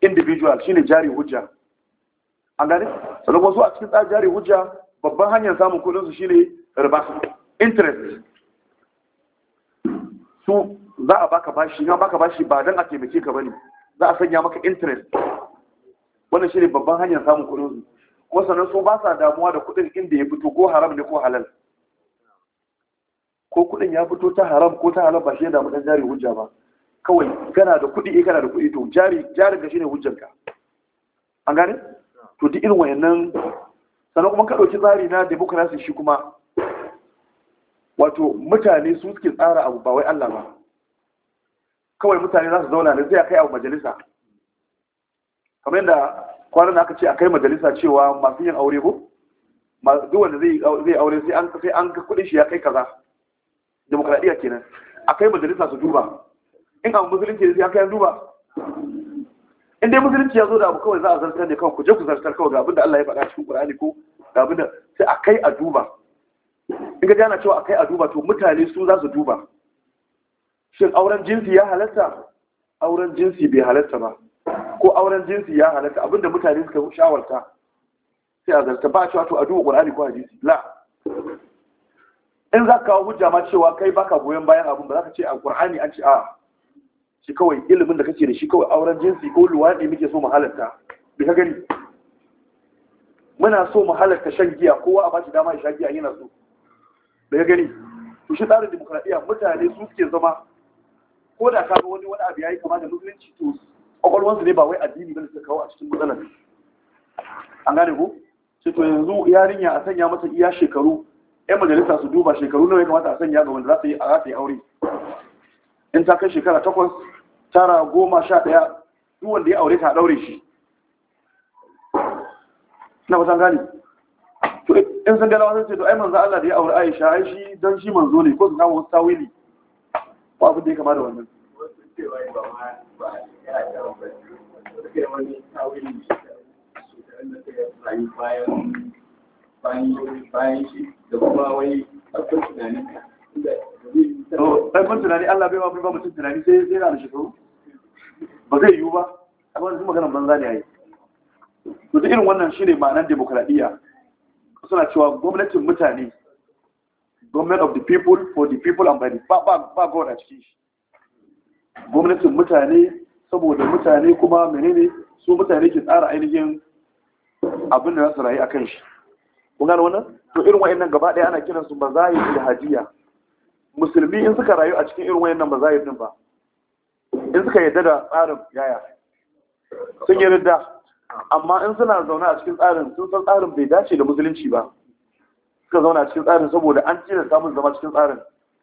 individual shine jari hujja an gane sannan su a cikin tsarin jari hujja babban hanyar samun kuɗin su shine riba interest su za a baka bashi na baka bashi ba don a taimake ka bane za a sanya maka interest wannan shi ne babban hanyar samun kudin su kuma sannan su ba sa damuwa da kuɗin inda ya fito ko haram ne ko halal ko kuɗin ya fito ta haram ko ta halal ba shi ya damu dan jari hujja ba kawai kana da kuɗi eh kana da kuɗi to jari jari ga shine ka an gane to duk irin wayannan sannan kuma ka ɗauki tsari na democracy shi kuma wato mutane su suke tsara abu ba wai Allah ba kawai mutane za su zauna ne zai kai abu majalisa kamar yadda kwanan aka ce a kai majalisa cewa masu yin aure ko duk wanda zai aure sai an sai an kudin shi ya kai kaza demokradiya kenan a kai majalisa su duba in abu musulunci ne sai an kai an duba in dai musulunci ya zo da abu kawai za a zartar ne kawai ku je ku zartar kawai ga abin da Allah ya faɗa cikin Qur'ani ko ga abin da sai a kai a duba in ga gana cewa akai a duba to mutane su za su duba shin auren jinsi ya halatta auren jinsi bai halatta ba ko auren jinsi ya halatta abinda mutane suka shawarta sai a zarta ba cewa to a duba qur'ani ko hadisi la in za ka kawo hujja ma cewa kai baka goyon bayan abin ba za ka ce a qur'ani an ce a shi kawai ilimin da kake da shi kawai auren jinsi ko luwaɗi muke so mu halatta bi ka gani muna so mu halatta shan giya kowa a shi dama ya sha giya yana so daga gani to shi tsarin demokradiyya mutane su suke zama ko da ka ga wani wani abu yayi kama da musulunci to kwakwalwansu ne ba wai addini bane suka kawo a cikin matsalar an gane ko sai to yanzu yarinya a sanya mata iya shekaru yan majalisa su duba shekaru nawa ya kamata a sanya ga wanda za ta yi a yi aure in ta kai shekara takwas tara goma sha ɗaya duk wanda ya aure ta ɗaure shi na ba san gane in sun galawa sun ce to ai manzo Allah da ya aure Aisha ai shi dan shi manzo ne ko su wasu tawili ko abin da kama da wannan tunani Allah bai ba tunani sai zai da shi ba zai yiwu ba a wani magana banza ne a yi irin wannan shi ne ma'anar demokradiyya suna cewa gwamnatin mutane government of the people for the people and by the ba ba ciki. god a gwamnatin mutane saboda mutane kuma menene su mutane ke tsara ainihin abin da za su rayu akan shi kun gane wannan to irin wayannan gaba ɗaya ana kiransu mazahib da hajiya musulmi in suka rayu a cikin irin wayannan mazahib din ba in suka yarda da tsarin yaya sun yi yarda amma in suna zaune a cikin tsarin sun san tsarin bai dace da musulunci ba suka zauna cikin tsarin saboda an cire samun zama cikin tsarin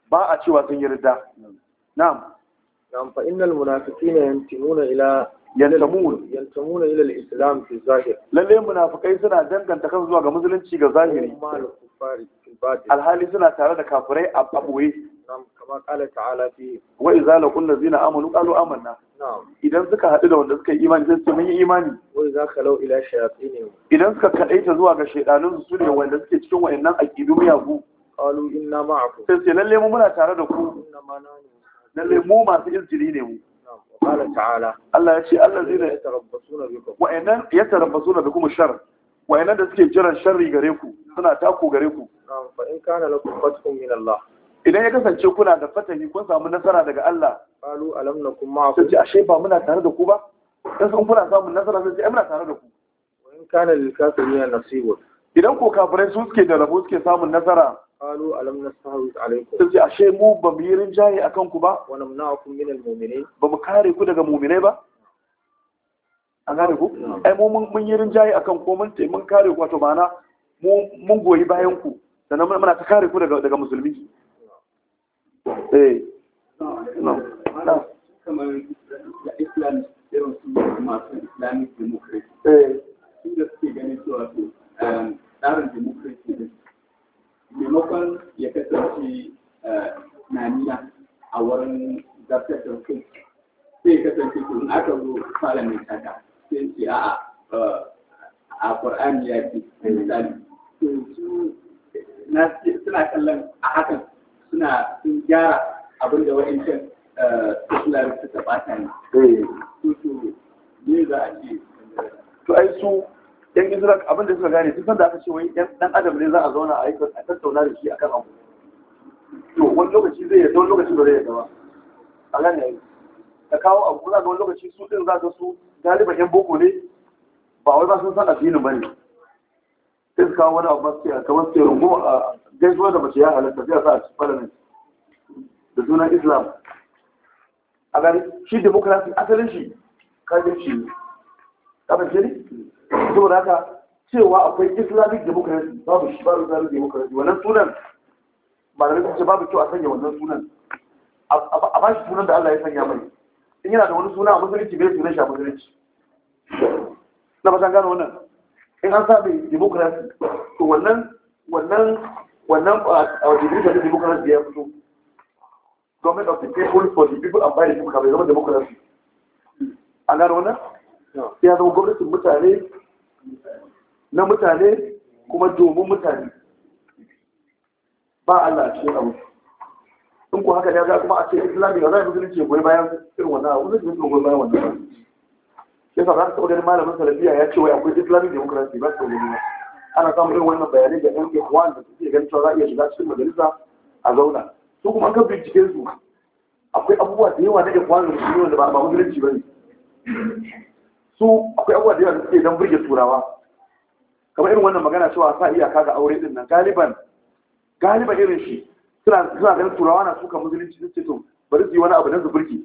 ba a cewa sun yi ridda na'am na'am fa innal munafiqina yantimuna ila yantamuna ila al-islam fi zahir lalle munafikai suna danganta kansu zuwa ga musulunci ga zahiri alhali suna tare da kafirai a boye kama kala ta'ala fi wa idza laqul ladzina amanu qalu amanna idan suka haɗu da wanda suka yi imani sai su mun yi imani wa idza khalau ila shayatin idan suka kadaita zuwa ga shaydanun su ne wanda suke cikin wayannan aqidu miyagu qalu inna ma'akum sai sai lalle mu muna tare da ku lalle mu masu izjiri ne mu qala ta'ala Allah ya ce Allah allazina yatarabbasuna bikum wayannan yatarabbasuna bikum shar wayannan da suke jiran sharri gare ku suna tako gare ku fa in kana lakum fathun min Allah idan ya kasance kuna da fatani, kun samu nasara daga Allah qalu alam nakum ma'akum ce ashe ba muna tare da ku ba in sun kuna samun nasara sai ai muna tare da ku wa in kana lil kafirin nasibu idan ko kafirai su suke da rabo suke samun nasara qalu alam nastahwiz alaykum sai ashe mu ba mu yi rinjaye akan ku ba wa namna'akum min al-mu'minin ba mu kare ku daga mu'minai ba an gane ku ai mu mun yi rinjaye akan ko mun mun kare ku wato ma'ana mun goyi bayan ku sannan muna ta kare ku daga musulmi eh kamar masu islamic democracy da suke ganin cewa su tsarin democracy ya kasance naniya a wurin zartar da sai kasance su in aka zo parliament haka sai ce a Qur'ani ya suna kallon a hakan suna sun gyara abin da wa'ancan eh, su ta bata ne. ne eh. za a ce. To ai su yan Israel abin da suka gane sun san da aka ce wai dan adam ne za a zauna a aikata a tattauna da shi akan abu. To wani lokaci zai yarda wani lokaci ba zai yarda ba. A gane yi. Ka kawo abu Kuna da wani lokaci su din za ka su galiban yan boko ne ba wai ba sun san addinin ba ne. Sai su kawo wani abu ba su ce kamar su ce rungu a gaisuwa da mace ya halatta sai a sa a cikin parliament da sunan islam a gani shi demokrasi asalin shi kafirci ne kafirci ne saboda haka cewa akwai islamic democracy babu shi babu tsarin democracy wannan sunan ba da ce babu kyau a sanya wannan sunan a ba shi sunan da Allah ya sanya mai in yana da wani suna a musulunci bai sunan shi a musulunci na ba gano wannan in an sa mai democracy to wannan wannan wannan a idris da democracy ya fito government of the people for the people and by the people kamar zama democracy an gano wannan ya zama gwamnatin mutane na mutane kuma domin mutane ba Allah a cikin abu in ku haka ne za kuma a ce islami ga za a musulunci ya goyi bayan irin wannan abu zai musulunci goyi bayan wannan ya sa za ka taɓa ganin malamin salafiya ya ce wai akwai islamic democracy ba su goyi bayan ana samun irin wannan bayanai da yan ikhwan da suke ganin cewa za a iya shiga cikin majalisa a zauna su kuma ka bincike su akwai abubuwa da yawa na ikhwan da su wanda ba musulunci ba ne su akwai abubuwa da yawa da suke dan burge turawa kamar irin wannan magana cewa sa iyaka ga aure din nan galiban galiban irin shi suna suna ganin turawa na suka musulunci su ce to bari su yi wani abu na su burge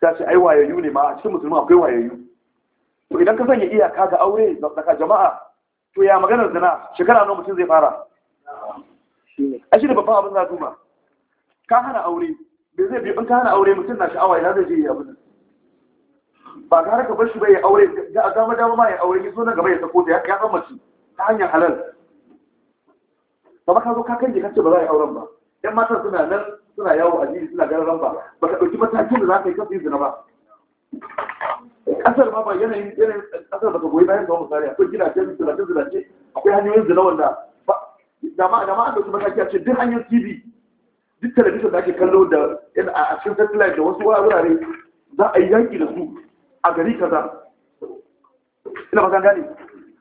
ta ce ai wayayyu ne ma a cikin musulmi akwai wayayyu to idan ka sanya iyaka ga aure daga jama'a to ya maganar zina shekara nawa mutum zai fara a babban abin za duba ka hana aure bai zai biyu in ka hana aure mutum na sha'awa ya zai je ya abin ba ka harka bar shi bai ya aure ga a gama dama ma ya aure ya zo na gaba ya sako da ya san mace ta hanyar halal ba ka zo ka kange ka ce ba za a yi auren ba yan matan suna nan suna yawo a jiri suna ganin ba ba ka ɗauki matakin da za ka yi kasu zina ba kasar ma ba yanayin yanayin kasar baka goyi bayan gawa misali akwai gidajen zilace zilace akwai hanyoyin zina wanda da ma da ma an dauki mataki a ce duk hanyar tv duk talabijin da ake kallo da a cikin satellite da wasu wurare za a yi yaki da su a gari kaza ina ba gane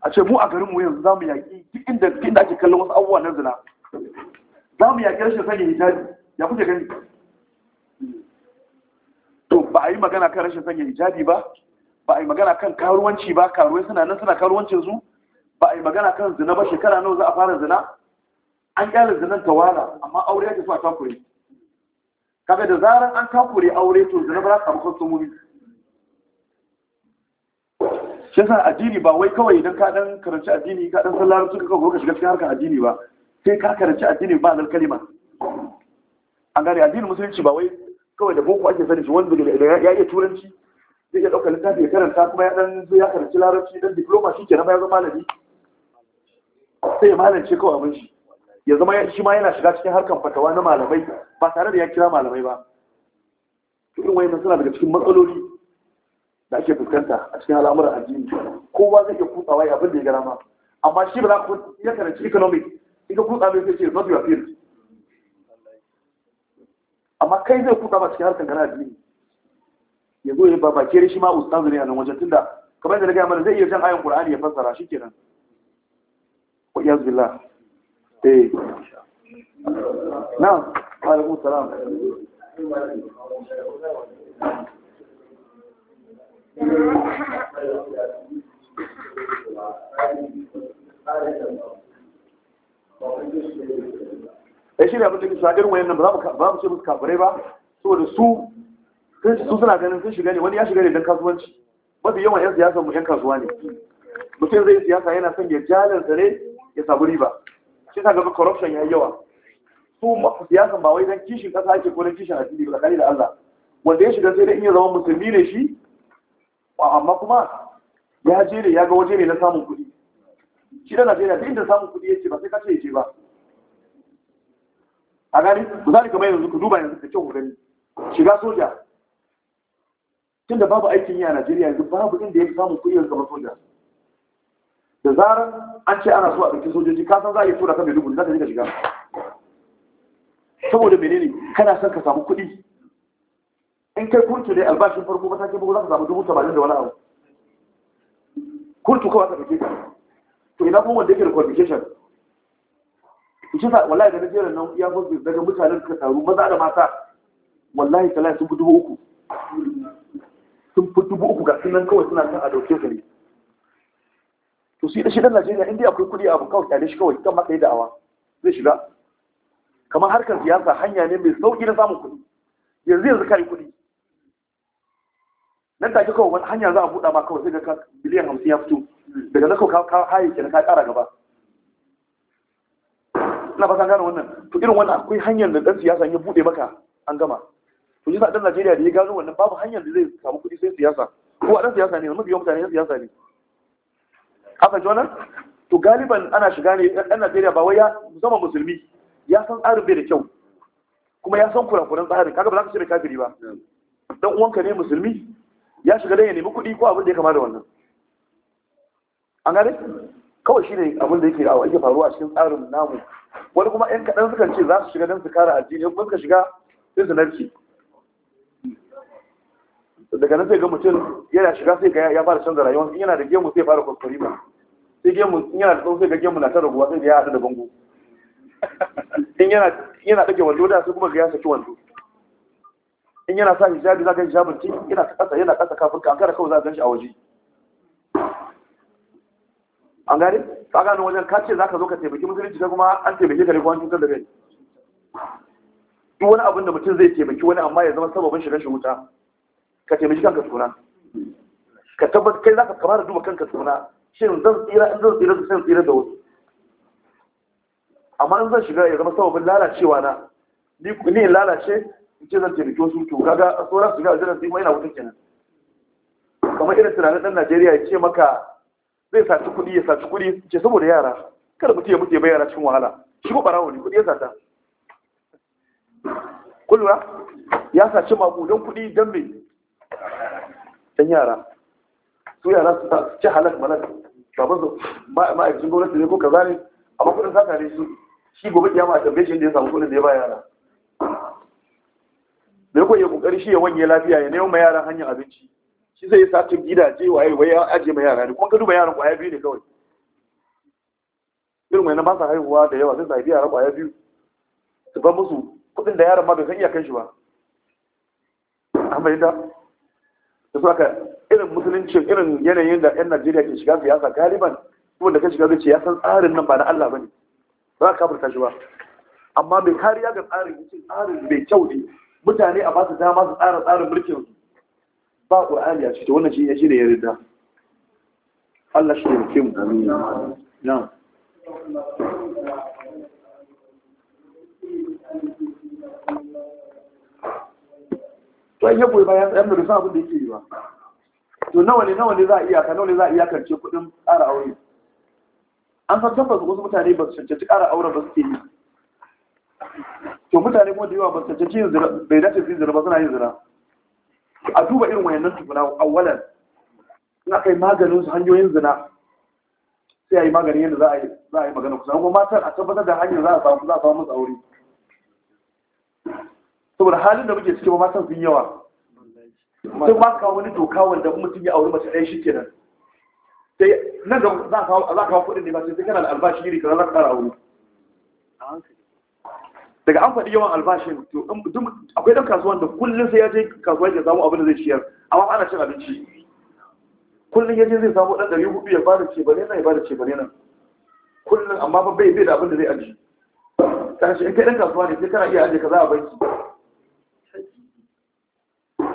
a ce mu a garinmu yanzu za mu yaki, duk inda inda ake kallon wasu abubuwa na zina za mu yaki rashin sanya hijabi ya kuke gani to ba a yi magana kan rashin sanya hijabi ba ba a yi magana kan karuwanci ba karuwai suna nan suna karuwancin su ba a yi magana kan zina ba shekara nawa za a fara zina an kyale zinan tawala amma aure yake so a takure kaga da zaran an takure aure to zina ba za ta samu kwastomomi shi yasa addini ba wai kawai idan ka dan karanci addini ka dan sallar suka kawo ka shiga cikin harkar addini ba sai ka karanci addini ba nan kalima an gane addinin musulunci ba wai kawai da boko ake sani shi wanda ya iya turanci zai iya ɗaukar littafi ya karanta kuma ya ɗan zai ya karanci larabci dan diploma shi kenan na ya zama malami sai ya malance kawai abin shi ya zama shi ma yana shiga cikin harkar fatawa na malamai ba tare da ya kira malamai ba irin wayan suna daga cikin matsaloli da ake fuskanta a cikin al'amuran addini kowa zai iya kutsawa ya abin da ya gara ma amma shi ba za ku iya karanci economic in ka kutsa mai sai ce not your field amma kai zai kutsa ba cikin harkar gana addini ya zo ya ba bakiyar shi ma ustazu ne a nan wajen tunda kamar da na gaya mana zai iya jan ayin qur'ani ya fassara shi kenan wa iyaz billah eh na alaikum salam ya eh, shi ne abin da ke shagar wayan nan ba mu ce musu kafirai ba saboda su su suna ganin sun shiga ne wani ya shiga ne don kasuwanci mafi yawan 'yan siyasa mu 'yan kasuwa ne mutum zai siyasa yana son ya jalin ne ya samu riba shi ta gaba corruption ya yi yawa su siyasan ba wai don kishin ƙasa ake ko don kishin addini ba tsakani da Allah wanda ya shiga sai dai in ya zama musulmi ne shi amma kuma ya je ne ya ga waje ne na samun kuɗi shi da Najeriya duk inda samun kuɗi yake ba sai ka ce yake ba a gani misali kamar yanzu ku duba yanzu ka ce ku gani shiga soja tunda babu aikin yi a Najeriya yanzu babu inda ya fi samun kuɗi yanzu kamar soja da zarar an ce ana so a ɗauki sojoji ka san za a yi tura kamar mai dubu za ka je ka shiga saboda menene kana son ka samu kuɗi in kai kurtu ne albashin farko mataki ba za ka samu dubu saba'in da wani abu kurtu kawai ka ɗauke ka to ina kuma wanda yake da qualification ita sa wallahi da Najeriya nan ya fi daga mutanen ka taru maza da mata wallahi talai sun fi dubu uku sun fi dubu uku ga sunan kawai suna son a dauke su ne to shi da shi dan Najeriya inda akwai kuɗi a abu kawai kyale shi kawai kan matsayi da'awa zai shiga kamar harkar siyasa hanya ne mai sauƙi na samun kuɗi yanzu yanzu kai kuɗi nan take kawai wani hanya za a buɗa ma kawai sai ga biliyan hamsin ya fito daga na kawai ka haye na ka ƙara gaba ina fata gane wannan to irin wannan akwai hanyar da ɗan siyasa ya buɗe maka an gama to shi sa dan Najeriya da ya gano wannan babu hanyar da zai samu kuɗi sai siyasa ko a dan siyasa ne mafi yawan mutane yan siyasa ne haka jona to galiban ana shiga ne dan Najeriya ba wai ya zama musulmi ya san tsarin bai da kyau kuma ya san kurakuran tsarin kaga ba za ka ce kafiri ba dan uwanka ne musulmi ya shiga dan ya nemi kuɗi ko abin da ya kama da wannan an gane kawai shi ne abin da yake a yake faruwa a cikin tsarin namu wani kuma yan kaɗan sukan ce za su shiga don su kare addini kuma suka shiga sai su narke daga nan sai ga mutum yana shiga sai ga ya fara canza rayuwa in yana da gemu sai fara kwaskwari ba sai gemu in yana da tsawo sai ga gemu na ta raguwa sai da ya haɗu da bango in yana yana ɗage wando da sai kuma ga ya saki wando in yana sa hijabi za ka hijabin ci yana ƙasa yana ƙasa kafin ka an kada kawai za a ganshi shi a waje an gane ka gano wajen ka ce za ka zo ka taimaki musulunci ta kuma an taimake ka ne kuma an cutar da kai duk wani abin da mutum zai taimaki wani amma ya zama sababin shiga shi wuta ka taimaki kanka suna. ka tabbatar kai zaka kamar duba kanka tukuna shin zan tsira in zan tsira zan tsira da wasu amma in zan shiga ya zama sababin lalacewa na ni ne lalace in ce zan taimaki wasu to kaga tsora su ga zan tsira mai wutan kenan kamar irin tunanin dan Najeriya ya ce maka zai saci kuɗi ya saci kuɗi ce saboda yara kada mutum ya mutu ya bayyana cikin wahala shi ko barawo ne kuɗi ya sata Kullum ya saci maƙudan kuɗi don me ɗan yara su yara su ci halak malak baban su ma'aikacin gwamnati ne ko kaza ne amma kudin sata ne su shi gobe kiyama a tambaye shi inda ya samu kudin da ya ba yara da ko ya kokari shi ya wanye lafiya ya nemo ma yaran hanyar abinci shi zai sace gidaje waye waye ya aje ma yara ne kuma ka duba yaran kwaya biyu ne kawai irin mai na ba sa haihuwa da yawa sai su biya yara kwaya biyu su ba musu kudin da yaran ma bai san iya shi ba amma idan da saka irin musuluncin irin yanayin da 'yan Najeriya ke shiga siyasa galiban kuma da ka shiga zuciya san tsarin nan ba na Allah ba ne. ba za ka kafirta shi ba amma mai kariya ga tsarin yace tsarin mai kyau ne mutane a ba su dama su tsara tsarin mulkin su ba Qur'ani a cikin wannan shi ya ya rida Allah shi ne kim amin na'am to an yabo ba ya tsayar da san abin da yake yi ba to nawa ne nawa ne za a iyaka nawa ne za a iyakance kudin ƙara aure an san tabbas wasu mutane ba su cancanci ƙara auren ba suke yi to mutane kuma da yawa ba su cancanci yin zira, bai dace su yi zira ba suna yin zira. a duba irin wayannan tukuna awwalan in aka yi maganin su hanyoyin zina sai a yi maganin yadda za a yi magana kusa kuma matan a tabbatar da hanyar za a samu za a samu aure saboda halin da muke ciki ba matan sun yawa sun ba kawo wani doka wanda mutum ya auri mace ɗaya shi kenan sai nan da za ka kawo kuɗin ne ba sai kana da albashi iri kana za ka ƙara wuri daga an faɗi yawan albashin to akwai ɗan kasuwan da kullum sai ya je kasuwa ya samu abin da zai ciyar amma ana cin abinci kullum ya je zai samu ɗan ɗari hudu ya bada ce bane nan ya bada ce bane nan kullum amma ba bai bai da abin da zai aji kashi in kai ɗan kasuwa ne sai kana iya aje kaza a banki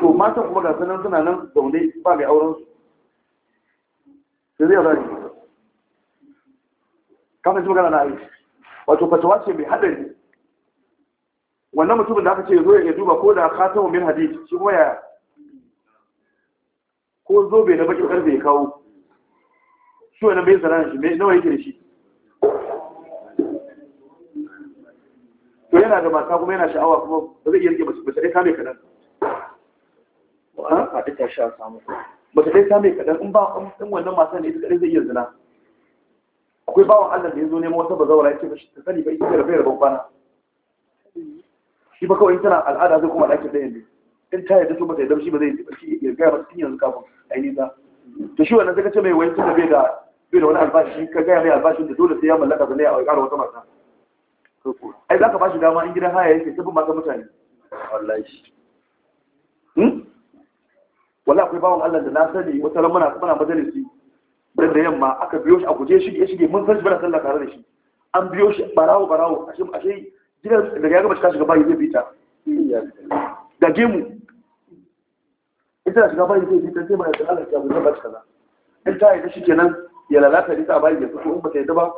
to matan kuma gasu nan suna nan zaune ba mai auren su sai zai zai kafin ji magana na aiki wato fatawa ce mai hadari? wannan mutumin da aka ce zo ya duba ko da khatamu min hadith shi kuma ya ko zobe na bakin karfe ya kawo shi wannan bai zana shi mai nawa yake da shi to yana da mata kuma yana sha'awa kuma ba zai iya rike mace ɗaya kame kaɗan a faɗi tashi samu mace dai ta mai kaɗan in ba in wannan matan ne ita zai iya zina akwai bawan Allah da ya zo neman wata bazawara ya ce ba ta sani ba ita da bai rabon kwana shi ba kawai tana al'ada zai koma ɗakin ɗayan ne in ta yarda su ba ta yarda shi ba zai yi barci ya gaya ba tun yanzu kafin a yi nisa to shi wannan zai ce mai wani tunda bai da bai da wani albashi ka gaya mai albashin da dole sai ya mallaka zane a ƙara wata mata ai za ka ba shi dama in gidan haya yake sabbin mata mutane wallahi hmm? wala akwai bawan Allah da na sani wata ran muna muna majalisi da da yamma aka biyo shi a guje shi ya shige mun san shi bana sallah tare da shi an biyo shi barawo barawo ashe ashe gidan da ya gaba shiga shiga bayi zai fita da gemu ita shiga bayi zai fita sai mai sallah Allah ya ba bashi kaza in ta yi shi kenan ya lalata ni ta bayi ya fito in ba ta yi ba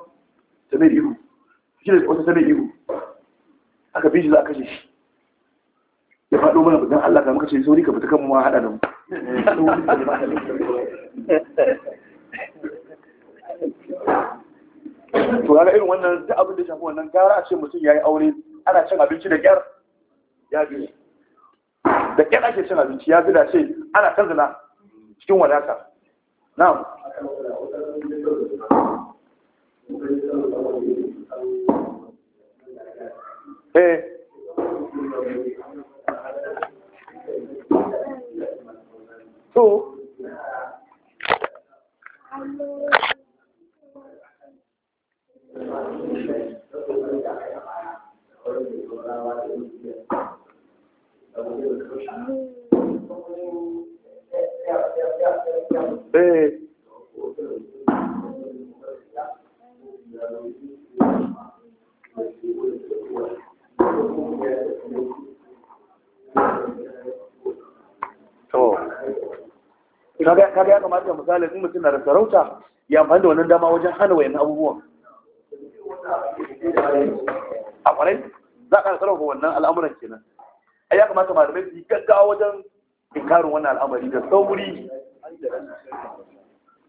ta mai ihu shi ne wata ta mai ihu aka bi shi za a kashe shi ya faɗo mana bugan Allah ka muka ce sauri ka fita kan mu ma haɗa da mu to ga irin wannan duk abin da shafi wannan gara a ce mutum ya yi aure ana cin abinci da kyar ya bi. da kyar ake cin abinci ya fi da ce ana kan zina cikin wadata Na eh to Eh. kaga ya kamata misalin in mutum na da sarauta ya amfani da wannan dama wajen hana wayan abubuwan a kwarai za ka sarrafa wannan al'amuran kenan A ya kamata malamai su yi gaggawa wajen inkarin wannan al'amari da sauri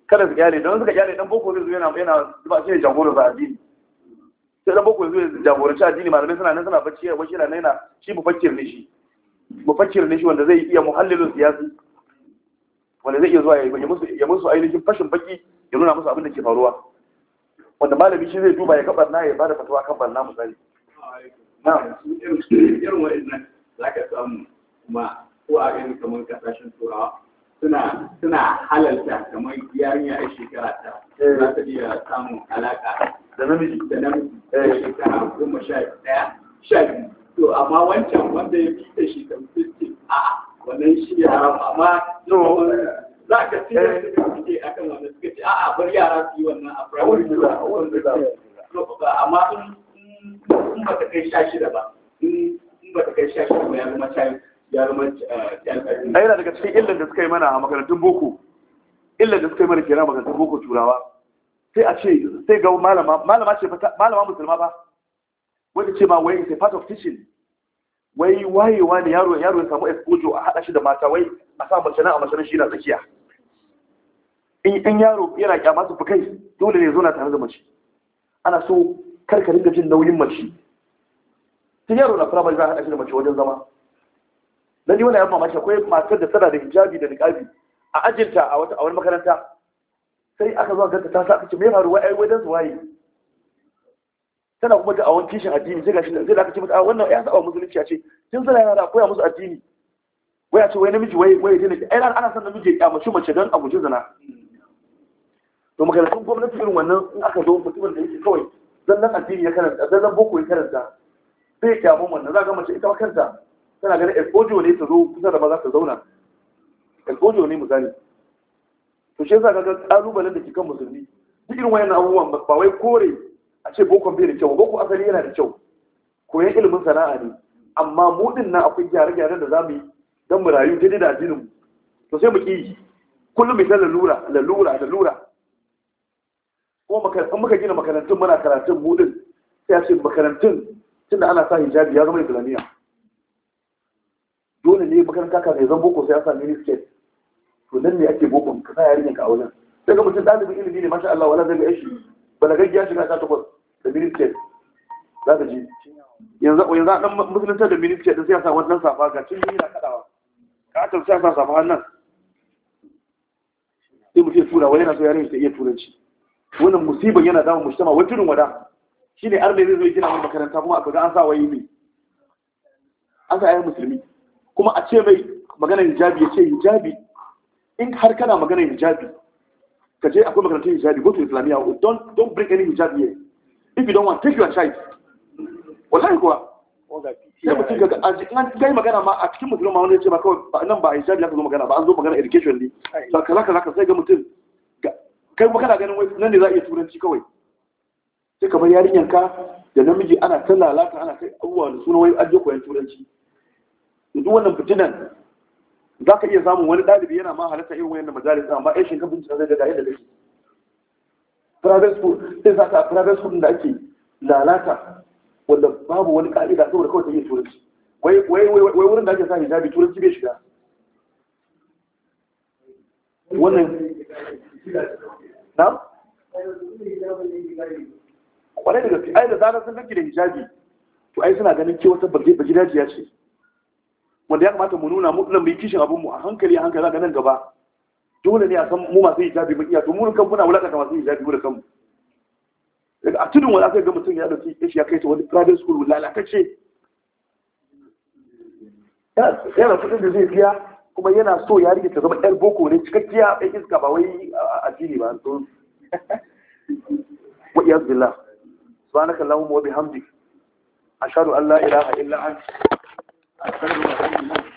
kada su kyale don suka kyale dan boko zai zo yana yana ba shi jagoran sa addini sai dan boko zai jagoranci addini malamai suna nan suna bacci wai shi yana nan yana shi mufakkir ne shi mufakkir ne shi wanda zai iya muhallilin siyasi wanda zai iya zuwa ya musu ainihin fashin baki ya nuna musu abin da ke faruwa wanda malami shi zai duba ya kabar na ya bada fatawa kan barna misali na irin wa'annan za ka samu kuma ko a gani kamar kasashen turawa suna halalta kamar yarinya a shekara ta eh. za ta iya samun alaka da namiji da namiji eh. shekara goma sha ɗaya sha biyu to amma wancan wanda ya fi da shekaru 15 a'a wannan shi ne haram amma za ka ci da eh. suka fice a kan wannan suka ce a'a bar yara su yi wannan a primary amma in ba ta kai sha shida ba in ba ta kai sha shida ba ya zama child ya zama eh, child yana daga cikin illan da suka yi mana a makarantun boko illan da suka yi mana kenan a makarantun boko turawa sai a ce sai ga malama malama ce malama musulma ba wanda ce ma wai is a part of teaching wai wayewa ne yaro yaro ya samu exposure a haɗa shi da mata wai a sa mace na a mace shi na tsakiya in yaro yana kyama su fukai dole ne zauna tare da mace ana so kar ka dinga jin nauyin mace tun yaro na firamare za a haɗa shi da mace wajen zama dan ni wani yan mamaki akwai matar da tana da hijabi da niqabi a ajinta a wata a wani makaranta sai aka zo ganta ta sa aka ce me faruwa ai wajen su waye tana kuma da awon kishin addini sai gashi zai da aka ce mata ah, wannan ya awon musulunci a ce tun suna yara koya musu addini Waya ce wai namiji wai wai dai ai ran ana son namiji ya kyamaci mace don a guji zina to makarantun gwamnati irin wannan in aka zo mutumin da yake kawai zallan addini ya karanta zallan boko ya karanta sai ya kyamu wannan za ga mace ita kanta tana ganin ekojo ne ta zo kusa da za ta zauna ekojo ne misali to shi yasa ga kalubalen da ke kan musulmi duk irin wayannan abubuwan ba wai kore a ce boko bai da kyau boko asali yana da kyau koyan ilimin sana'a ne amma mu din na akwai gyare-gyaren da za mu yi don mu rayu daidai da addinin mu to sai mu ki kullum mu san lalura lalura lalura ko in muka gina makarantun muna karatun mu din sai a ce makarantun tunda ana sa hijabi ya zama islamiyya dole ne makaranta ka zan boko sai a sa miniskirt to nan ne ake bokon ka sa yarinyar ka a wajen ga mutum ɗalibin ilimi ne masha Allah wala zai ga shi balagaggiya shiga ta takwas da minister za ka ji yanzu a ɗan musulunta da minister da siyasa wannan safa ga cin yana kaɗawa katon siyasa safa hannun sai mu mutum tura wani yana so yare ta iya turanci wannan musibar yana damun mujtama wani tudun wada shi ne arne zai zo gina wani makaranta kuma aka ga an sa wayi ne an sa ayyar musulmi kuma a ce mai maganar hijabi ya ce hijabi in har kana maganar hijabi ka je akwai makarantar hijabi go to islamiyya don don bring any hijabi here if you don't want take your choice wallahi kuwa da mutum ga an gai magana ma a cikin mutum ma wani ce ma kawai nan ba a hijabi ya zo magana ba an zo magana education ne ba kaza kaza ka sai ga mutum kai kuma kana ganin wai nan ne za a iya turanci kawai sai kamar yarinyar ka da namiji ana ta lalata ana kai abubuwa da suna wai an je koyan turanci duk wannan fitinan za ka iya samun wani ɗalibi yana ma halatta irin wayan da majalis amma ɗan shinkafa bincika zai ga da yadda kake private school sai za ka private school da ake lalata wanda babu wani ka'ida saboda kawai ta yi turanci wai wurin da ake sa hijabi turanci bai shiga wannan na? kwarai daga gaske ai da zarar sun ganki da hijabi to ai suna ganin ke wata bagidajiya ce wanda ya kamata mu nuna mu ɗan mai kishin abinmu a hankali a hankali a ganin gaba dole ne a san mu masu hijabi mu iya to mu kan muna wulakanta masu hijabi mu da kanmu daga a tudun wani sai ga mutum ya dauki ya shi ya kai ta wani private school lalatacce yana kudin da zai biya kuma yana so ya rike ta zama yar boko ne cikakkiya ɗan iska ba wai addini ba to wa iyaz billah subhanaka allahumma wa bihamdik ashhadu an la ilaha illa anta astaghfiruka wa atubu ilayk